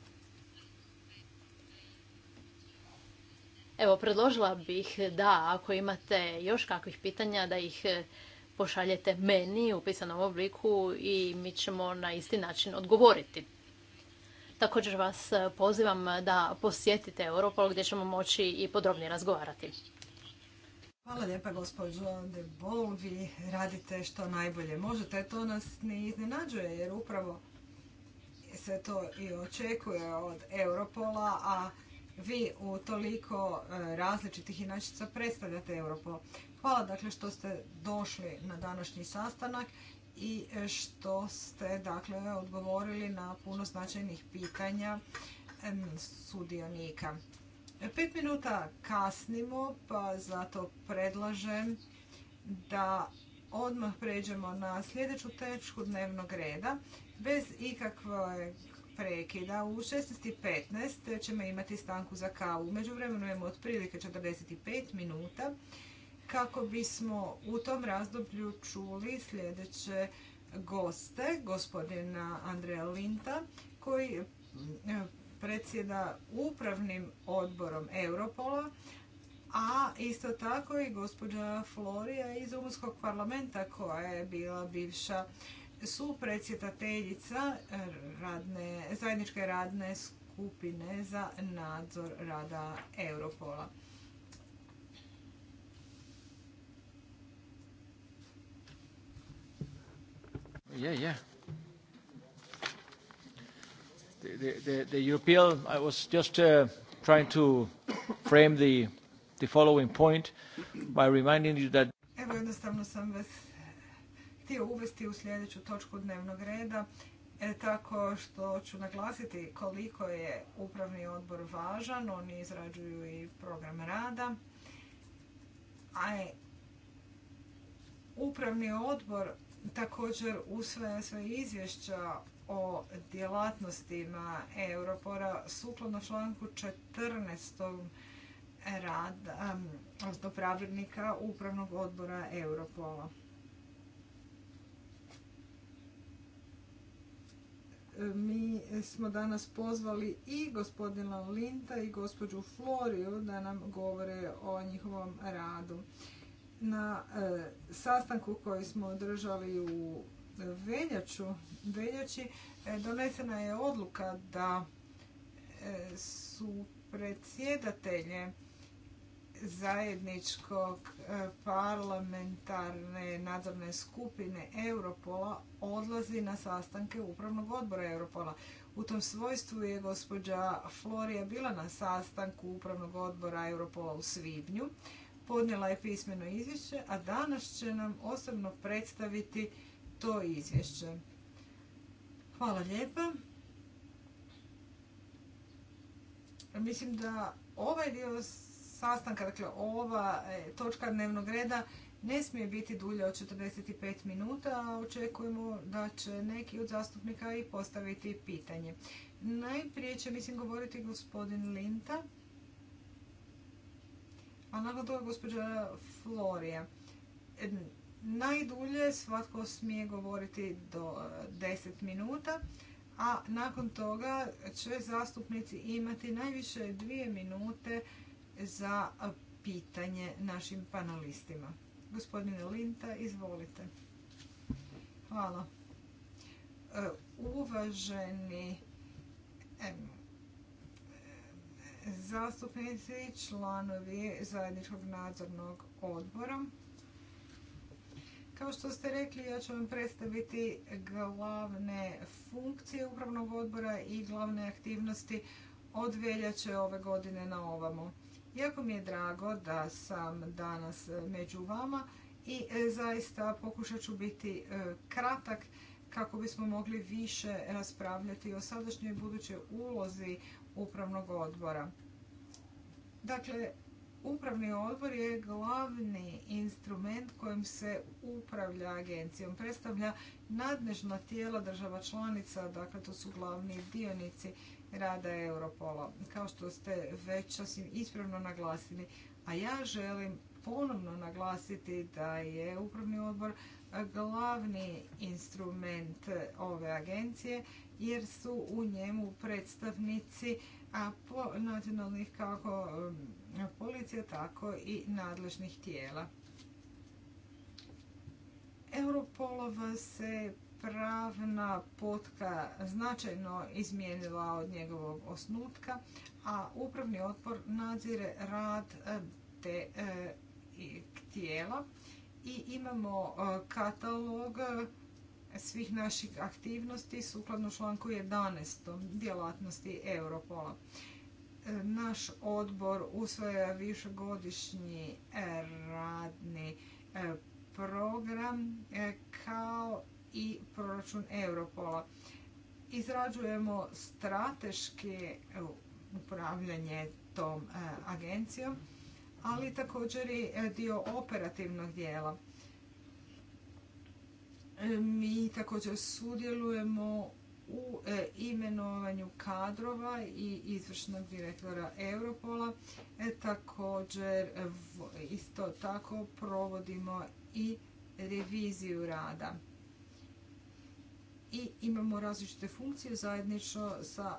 Evo, predložila bih da ako imate još kakvih pitanja da ih e, pošaljete meni u pisanom obliku i mi ćemo na isti način odgovoriti. Također vas e, pozivam da posjetite Europol gdje ćemo moći i podrobnije razgovarati. Hvala lijepa gospođo De vi radite što najbolje možete, to nas ne iznenađuje jer upravo se to i očekuje od Europola, a vi u toliko e, različitih inačica predstavljate Europol. Hvala dakle što ste došli na današnji sastanak i e, što ste dakle odgovorili na puno značajnih pitanja sudionika. Pet minuta kasnimo, pa zato predlažem da odmah pređemo na sljedeću tečku dnevnog reda bez ikakve prekida. U 16.15 ćemo imati stanku za kavu. Umeđu vremenu imamo otprilike 45 minuta kako bismo u tom razdoblju čuli sljedeće goste, gospodina Andreja Linta, koji predsjeda upravnim odborom Europola, a isto tako i gospođa Florija iz Rumunskog parlamenta koja je bila bivša su predsjedateljica eh, radne, zajedničke radne skupine za nadzor rada Europola. Yeah, yeah. The, the, the, the European, I was just uh, trying to frame the, the following point by reminding you that uvesti u sljedeću točku dnevnog reda e, tako što ću naglasiti koliko je upravni odbor važan, oni izrađuju i program rada. A je, upravni odbor također usvaja sve izvješća o djelatnostima Europora sukladno članku 14. rada, um, pravilnika upravnog odbora Europola. mi smo danas pozvali i gospodina Linta i gospođu Floriju da nam govore o njihovom radu. Na e, sastanku koji smo održali u veljaču, veljači e, donesena je odluka da e, su predsjedatelje zajedničkog e, parlamentarne nadzorne skupine Europola odlazi na sastanke upravnog odbora Europola. U tom svojstvu je gospođa Florija bila na sastanku upravnog odbora Europola u svibnju. Podnijela je pismeno izvješće, a danas će nam osobno predstaviti to izvješće. Hvala lijepa. Mislim da ovaj dio sastanka. Dakle, ova e, točka dnevnog reda ne smije biti dulje od 45 minuta, a očekujemo da će neki od zastupnika i postaviti pitanje. Najprije će, mislim, govoriti gospodin Linta, a nakon toga gospođa Florija. E, najdulje svatko smije govoriti do 10 e, minuta, a nakon toga će zastupnici imati najviše dvije minute za pitanje našim panelistima. Gospodine Linta, izvolite. Hvala. E, uvaženi zastupnici, članovi zajedničkog nadzornog odbora. Kao što ste rekli, ja ću vam predstaviti glavne funkcije upravnog odbora i glavne aktivnosti od veljače ove godine na ovamo. Jako mi je drago da sam danas e, među vama i e, zaista pokušat ću biti e, kratak kako bismo mogli više raspravljati o sadašnjoj budućoj ulozi upravnog odbora. Dakle, upravni odbor je glavni instrument kojim se upravlja agencijom. Predstavlja nadnežna tijela država članica, dakle to su glavni dionici rada Europola, kao što ste već osim ispravno naglasili. A ja želim ponovno naglasiti da je upravni odbor glavni instrument ove agencije jer su u njemu predstavnici nacionalnih kako um, policija tako i nadležnih tijela. Europolova se pravna potka značajno izmijenila od njegovog osnutka, a upravni odbor nadzire rad e, te e, tijela i imamo e, katalog svih naših aktivnosti sukladno članku 11. djelatnosti Europola. Naš odbor usvaja višegodišnji radni program kao i proračun Europola. Izrađujemo strateške upravljanje tom e, agencijom, ali također i e, dio operativnog dijela. E, mi također sudjelujemo u imenovanju kadrova i izvršnog direktora Europola. Također isto tako provodimo i reviziju rada i imamo različite funkcije zajednično sa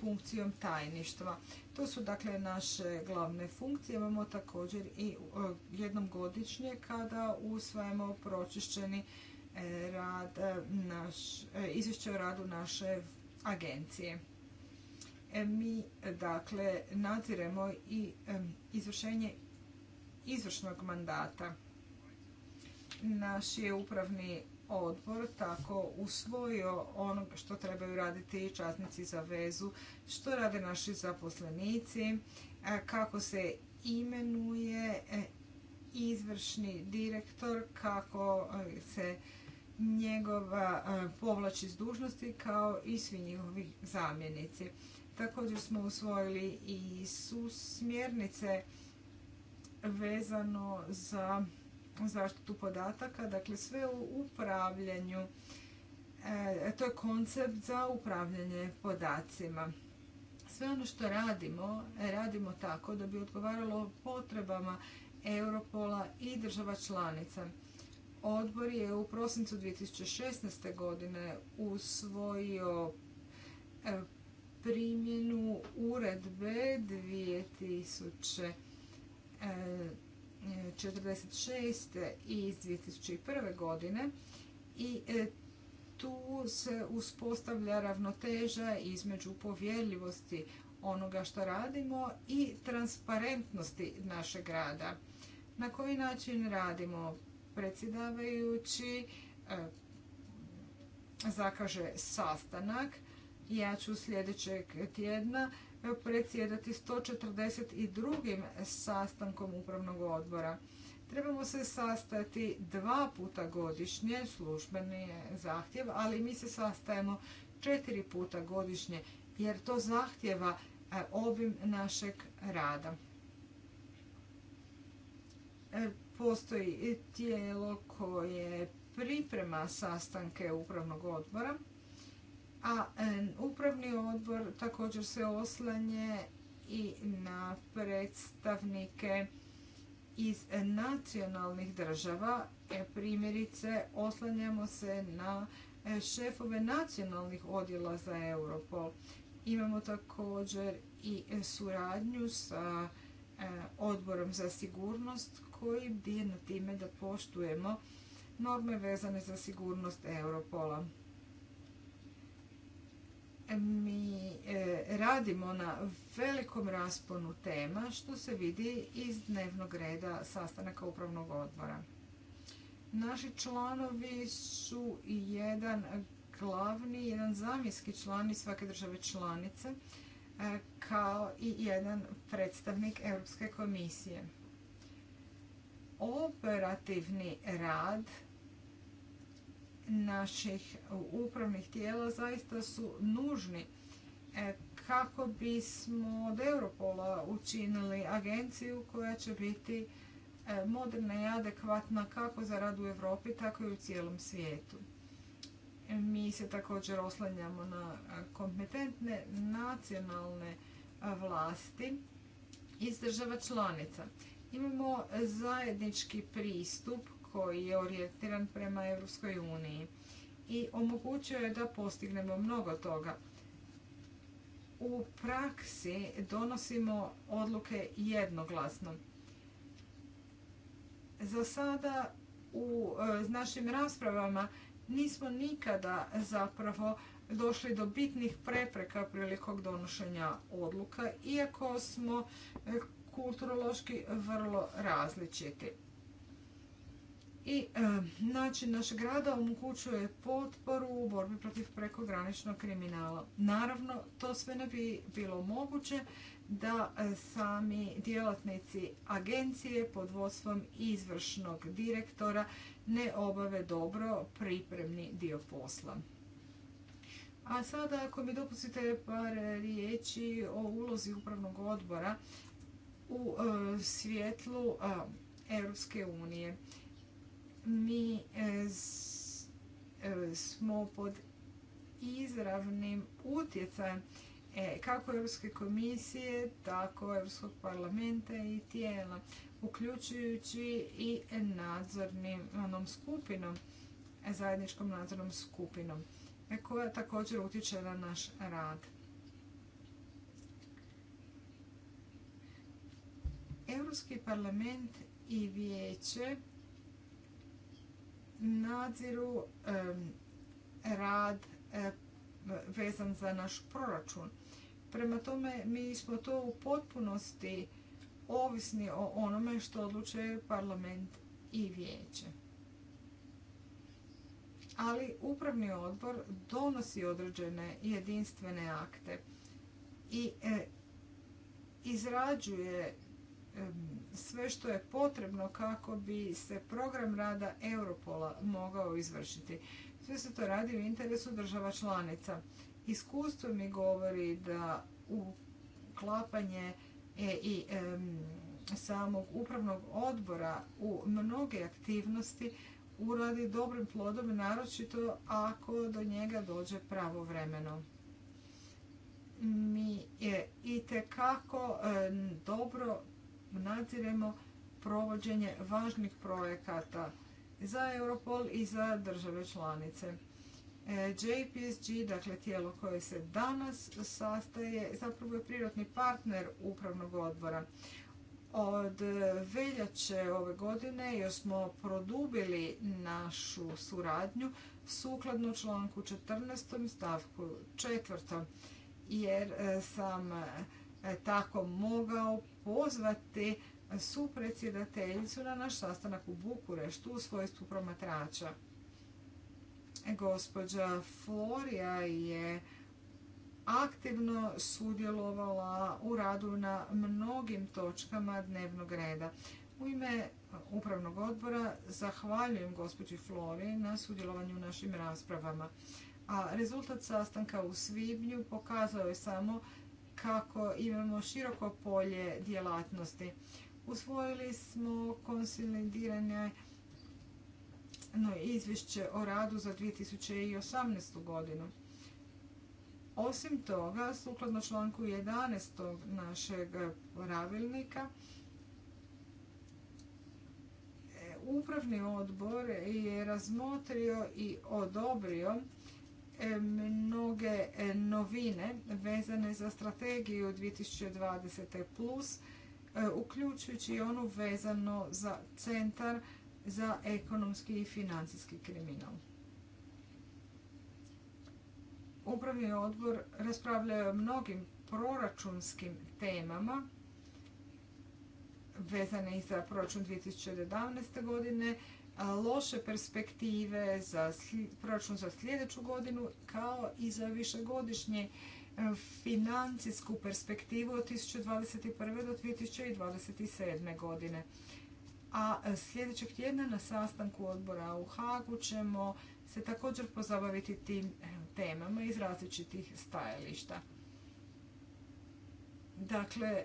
funkcijom tajništva. To su dakle naše glavne funkcije. Imamo također i e, jednom godišnje kada usvajamo pročišćeni e, rad e, naš, izvješće o radu naše agencije. mi dakle nadziremo i izvršenje izvršnog mandata. Naš je upravni odbor tako usvojio ono što trebaju raditi časnici za vezu, što rade naši zaposlenici, e, kako se imenuje e, izvršni direktor, kako e, se njegova povlači s dužnosti kao i svi njihovi zamjenici. Također smo usvojili i su smjernice vezano za zaštitu podataka, dakle sve u upravljanju. E, to je koncept za upravljanje podacima. Sve ono što radimo, e, radimo tako da bi odgovaralo potrebama Europola i država članica. Odbor je u prosincu 2016. godine usvojio e, primjenu uredbe 2000 46 iz 2001. godine i e, tu se uspostavlja ravnoteža između povjerljivosti onoga što radimo i transparentnosti našeg rada. Na koji način radimo? Predsjedavajući e, zakaže sastanak. Ja ću sljedećeg tjedna E, predsjedati 142. sastankom upravnog odbora. Trebamo se sastati dva puta godišnje, službeni zahtjev, ali mi se sastajemo četiri puta godišnje jer to zahtjeva e, obim našeg rada. E, postoji tijelo koje priprema sastanke upravnog odbora a upravni odbor također se oslanje i na predstavnike iz nacionalnih država. E, primjerice, oslanjamo se na e, šefove nacionalnih odjela za Europol. Imamo također i e, suradnju sa odborom za sigurnost koji dije na time da poštujemo norme vezane za sigurnost Europola mi e, radimo na velikom rasponu tema što se vidi iz dnevnog reda sastanaka upravnog odbora. Naši članovi su jedan glavni, jedan zamjenski član iz svake države članice e, kao i jedan predstavnik Europske komisije. Operativni rad naših upravnih tijela zaista su nužni e, kako bismo od Europola učinili agenciju koja će biti e, moderna i adekvatna kako za rad u Europi, tako i u cijelom svijetu. Mi se također oslanjamo na kompetentne nacionalne vlasti iz država članica. Imamo zajednički pristup koji je orijentiran prema Europskoj uniji i omogućuje da postignemo mnogo toga. U praksi donosimo odluke jednoglasno. Za sada u e, našim raspravama nismo nikada zapravo došli do bitnih prepreka prilikom donošenja odluka, iako smo e, kulturološki vrlo različiti i e, način našeg rada omogućuje potporu u borbi protiv prekograničnog kriminala. Naravno, to sve ne bi bilo moguće da e, sami djelatnici agencije pod vodstvom izvršnog direktora ne obave dobro pripremni dio posla. A sada, ako mi dopustite par riječi o ulozi upravnog odbora u e, svjetlu Europske unije mi e, e, smo pod izravnim utjecajem e, kako Europske komisije, tako Europskog parlamenta i tijela, uključujući i nadzornim skupinom, zajedničkom nadzornom skupinom, koja također utječe na naš rad. Europski parlament i vijeće nadziru rad e, vezan za naš proračun. Prema tome, mi smo to u potpunosti ovisni o onome što odlučuje parlament i vijeće. Ali upravni odbor donosi određene jedinstvene akte i e, izrađuje sve što je potrebno kako bi se program rada Europola mogao izvršiti. Sve se to radi u interesu država članica. Iskustvo mi govori da uklapanje e, i samog upravnog odbora u mnoge aktivnosti uradi dobrim plodom, naročito ako do njega dođe pravovremeno. Mi je i kako dobro nadziremo provođenje važnih projekata za Europol i za države članice. E, JPSG, dakle tijelo koje se danas sastaje, zapravo je prirodni partner upravnog odbora. Od veljače ove godine još smo produbili našu suradnju sukladno članku 14. stavku 4. jer e, sam E, tako mogao pozvati supredsjedateljicu na naš sastanak u Bukureštu u svojstvu promatrača. E, gospođa Florija je aktivno sudjelovala u radu na mnogim točkama dnevnog reda. U ime upravnog odbora zahvaljujem gospođi Flori na sudjelovanju u našim raspravama. A rezultat sastanka u svibnju pokazao je samo kako imamo široko polje djelatnosti. Usvojili smo konsolidirane no, izvješće o radu za 2018. godinu. Osim toga, sukladno članku 11. našeg pravilnika, e, Upravni odbor je razmotrio i odobrio mnoge e, novine vezane za strategiju 2020. plus, e, uključujući i onu vezano za centar za ekonomski i financijski kriminal. Upravni odbor raspravljao o mnogim proračunskim temama vezane i za proračun 2011. godine, loše perspektive za proračun za sljedeću godinu kao i za višegodišnje e, financijsku perspektivu od 2021. do 2027. godine. A e, sljedećeg tjedna na sastanku odbora u Hagu ćemo se također pozabaviti tim e, temama iz različitih stajališta. Dakle,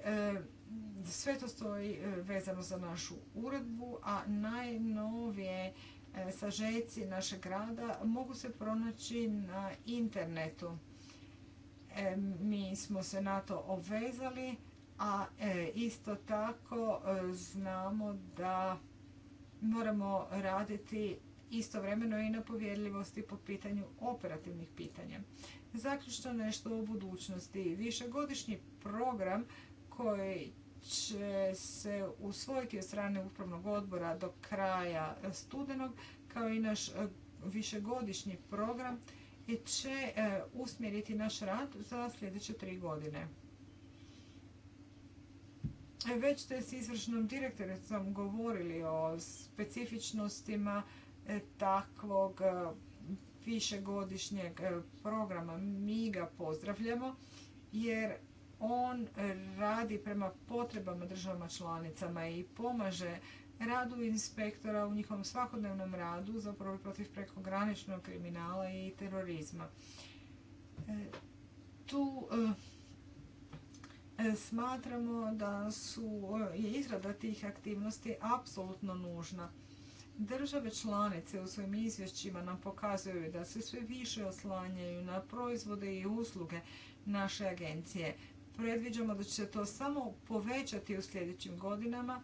sve to stoji e, vezano za našu uredbu, a najnovije e, sažeci našeg rada mogu se pronaći na internetu. E, mi smo se na to obvezali, a isto tako znamo da moramo raditi istovremeno i na povjerljivosti po pitanju operativnih pitanja. Zaključno nešto o budućnosti. Višegodišnji program koji će se usvojiti od strane upravnog odbora do kraja studenog, kao i naš e, višegodišnji program i će e, usmjeriti naš rad za sljedeće tri godine. E, već ste s izvršnom direktoricom govorili o specifičnostima takvog višegodišnjeg programa. Mi ga pozdravljamo jer on radi prema potrebama državama članicama i pomaže radu inspektora u njihovom svakodnevnom radu za borbu protiv prekograničnog kriminala i terorizma. E, tu e, smatramo da su je izrada tih aktivnosti apsolutno nužna. Države članice u svojim izvješćima nam pokazuju da se sve više oslanjaju na proizvode i usluge naše agencije predviđamo da će se to samo povećati u sljedećim godinama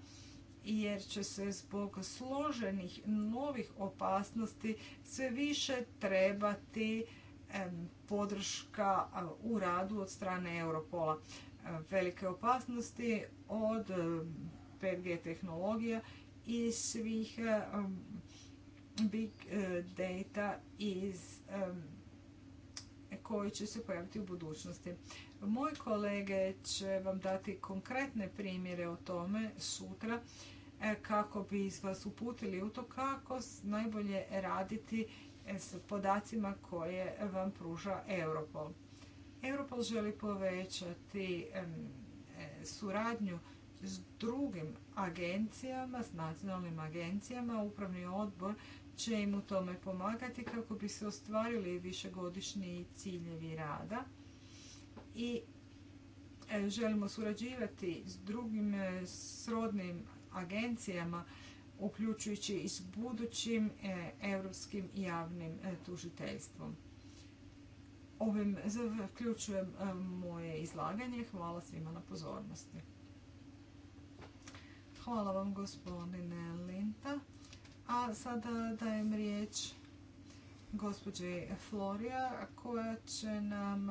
jer će se zbog složenih novih opasnosti sve više trebati podrška u radu od strane Europola. Velike opasnosti od 5G tehnologija i svih big e, data iz koji će se pojaviti u budućnosti. Moje kolege će vam dati konkretne primjere o tome sutra e, kako bi vas uputili u to kako najbolje raditi e, s podacima koje vam pruža Europol. Europol želi povećati e, suradnju s drugim agencijama, s nacionalnim agencijama. Upravni odbor će im u tome pomagati kako bi se ostvarili višegodišnji ciljevi rada i e, želimo surađivati s drugim e, srodnim agencijama, uključujući i s budućim e, europskim javnim tužiteljstvom. Ovim zaključujem moje izlaganje. Hvala svima na pozornosti. Hvala vam gospodine Linta. A sada dajem riječ gospođi Florija koja će nam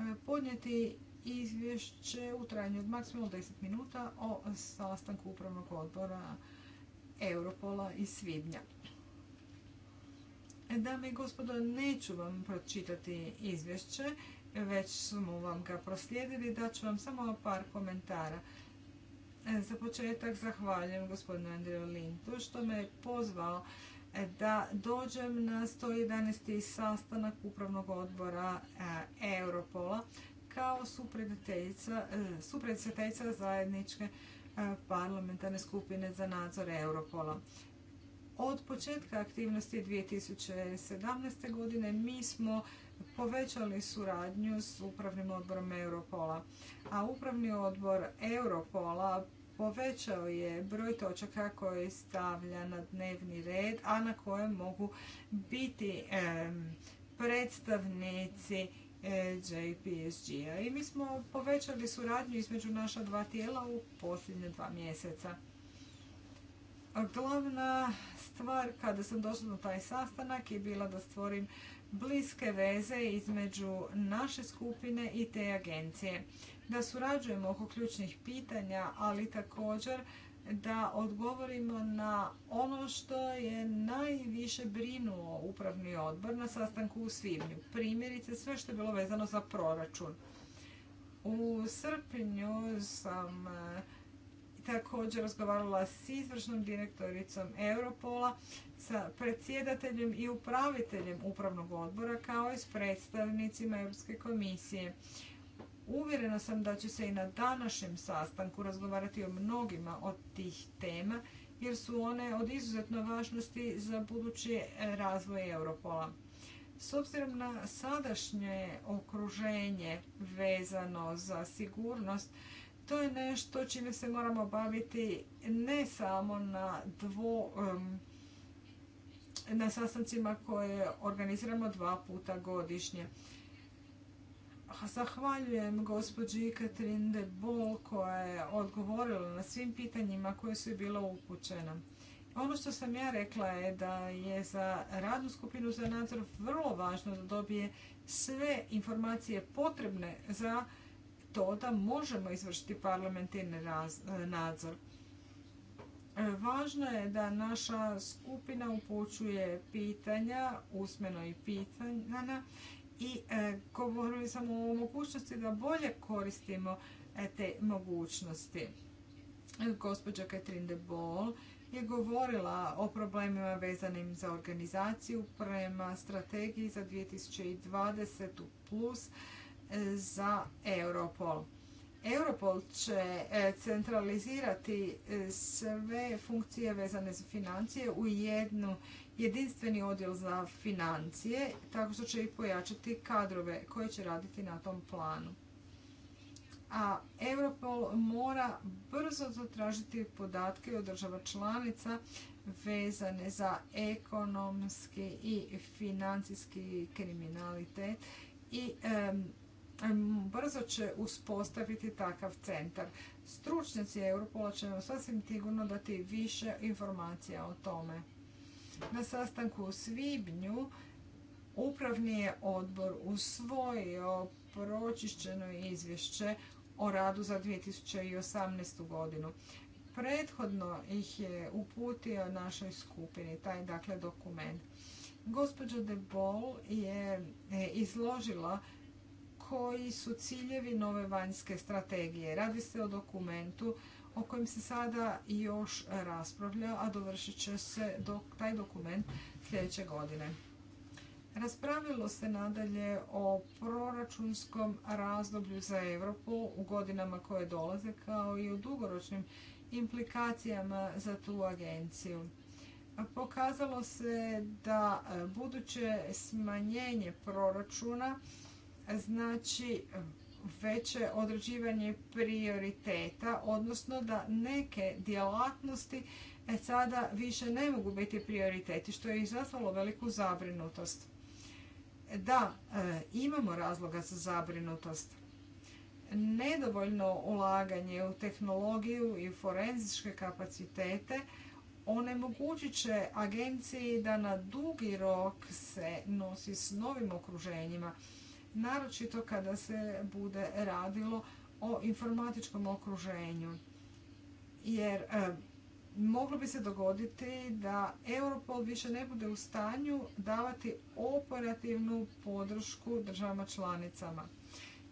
E, podnijeti izvješće u trajanju od maksimalno 10 minuta o sastanku upravnog odbora Europola iz Svibnja. Dame i gospodo, neću vam pročitati izvješće, već smo vam ga proslijedili, daću vam samo par komentara. E, za početak zahvaljujem gospodinu Andreju Lintu što me pozvao E, da dođem na 111. sastanak upravnog odbora e, Europola kao supredstaviteljica e, zajedničke parlamentarne skupine za nadzor Europola. Od početka aktivnosti 2017. godine mi smo povećali suradnju s upravnim odborom Europola. A upravni odbor Europola povećao je broj točaka koje stavlja na dnevni red, a na koje mogu biti predstavnici e, JPSG-a. I mi smo povećali suradnju između naša dva tijela u posljednje dva mjeseca. Glavna stvar kada sam došla na taj sastanak je bila da stvorim bliske veze između naše skupine i te agencije da surađujemo oko ključnih pitanja, ali također da odgovorimo na ono što je najviše brinuo upravni odbor na sastanku u svibnju. Primjerice sve što je bilo vezano za proračun. U srpnju sam e, također razgovarala s izvršnom direktoricom Europola, sa predsjedateljem i upraviteljem upravnog odbora kao i s predstavnicima Europske komisije. Uvjerena sam da će se i na današnjem sastanku razgovarati o mnogima od tih tema, jer su one od izuzetno važnosti za budući razvoj Europola. S obzirom na sadašnje okruženje vezano za sigurnost, to je nešto čime se moramo baviti ne samo na dvo, na sastancima koje organiziramo dva puta godišnje. Zahvaljujem gospođi Katrin de Bol koja je odgovorila na svim pitanjima koje su je bila upućena. Ono što sam ja rekla je da je za radnu skupinu za nadzor vrlo važno da dobije sve informacije potrebne za to da možemo izvršiti parlamentarni e, nadzor. E, važno je da naša skupina upućuje pitanja, usmeno i pitanja i e, govorili sam o mogućnosti da bolje koristimo e, te mogućnosti. Gospođa Catherine de Boll je govorila o problemima vezanim za organizaciju prema strategiji za 2020 plus e, za Europol. Europol će centralizirati sve funkcije vezane za financije u jednu jedinstveni odjel za financije, tako što će i pojačati kadrove koje će raditi na tom planu. A Europol mora brzo zatražiti podatke od država članica vezane za ekonomski i financijski kriminalitet i brzo će uspostaviti takav centar. Stručnjaci Europola će nam sasvim sigurno dati više informacija o tome. Na sastanku u Svibnju upravni je odbor usvojio pročišćeno izvješće o radu za 2018. godinu. Prethodno ih je uputio našoj skupini, taj dakle dokument. Gospođa De je e, izložila koji su ciljevi nove vanjske strategije. Radi se o dokumentu o kojem se sada još raspravlja, a dovršit će se do taj dokument sljedeće godine. Raspravilo se nadalje o proračunskom razdoblju za Europu u godinama koje dolaze kao i o dugoročnim implikacijama za tu agenciju. Pokazalo se da buduće smanjenje proračuna znači veće određivanje prioriteta, odnosno da neke djelatnosti e, sada više ne mogu biti prioriteti, što je izazvalo veliku zabrinutost. Da, e, imamo razloga za zabrinutost. Nedovoljno ulaganje u tehnologiju i forenzičke kapacitete onemogućit će agenciji da na dugi rok se nosi s novim okruženjima naročito kada se bude radilo o informatičkom okruženju. Jer e, moglo bi se dogoditi da Europol više ne bude u stanju davati operativnu podršku državama članicama.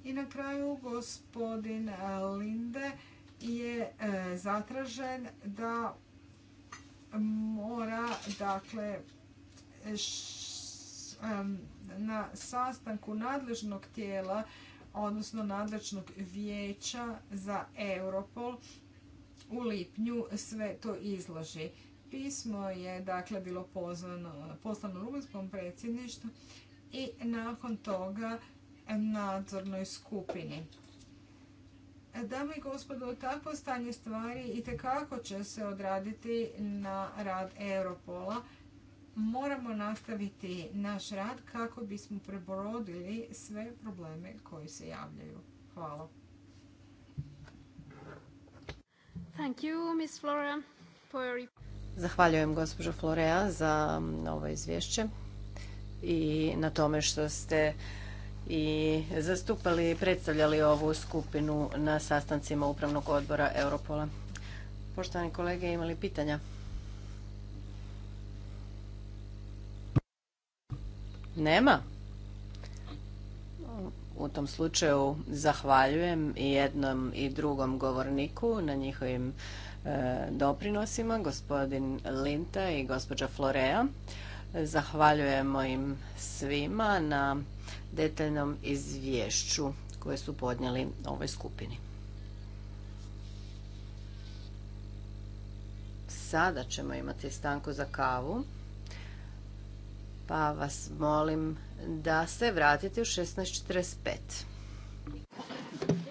I na kraju gospodin e, Linde je e, zatražen da mora dakle na sastanku nadležnog tijela, odnosno nadležnog vijeća za Europol u lipnju sve to izloži. Pismo je dakle bilo pozvano, poslano rumunjskom predsjedništvu i nakon toga nadzornoj skupini. Dame i gospodo, takvo stanje stvari i tekako će se odraditi na rad Europola, moramo nastaviti naš rad kako bismo prebrodili sve probleme koji se javljaju. Hvala. Thank you, Ms. Zahvaljujem gospođo Florea za mm, ovo izvješće i na tome što ste i zastupali i predstavljali ovu skupinu na sastancima Upravnog odbora Europola. Poštovani kolege, imali pitanja? Nema? U tom slučaju zahvaljujem i jednom i drugom govorniku na njihovim e, doprinosima, gospodin Linta i gospođa Florea. Zahvaljujemo im svima na detaljnom izvješću koje su podnijeli ovoj skupini. Sada ćemo imati stanku za kavu pa vas molim da se vratite u 16.45.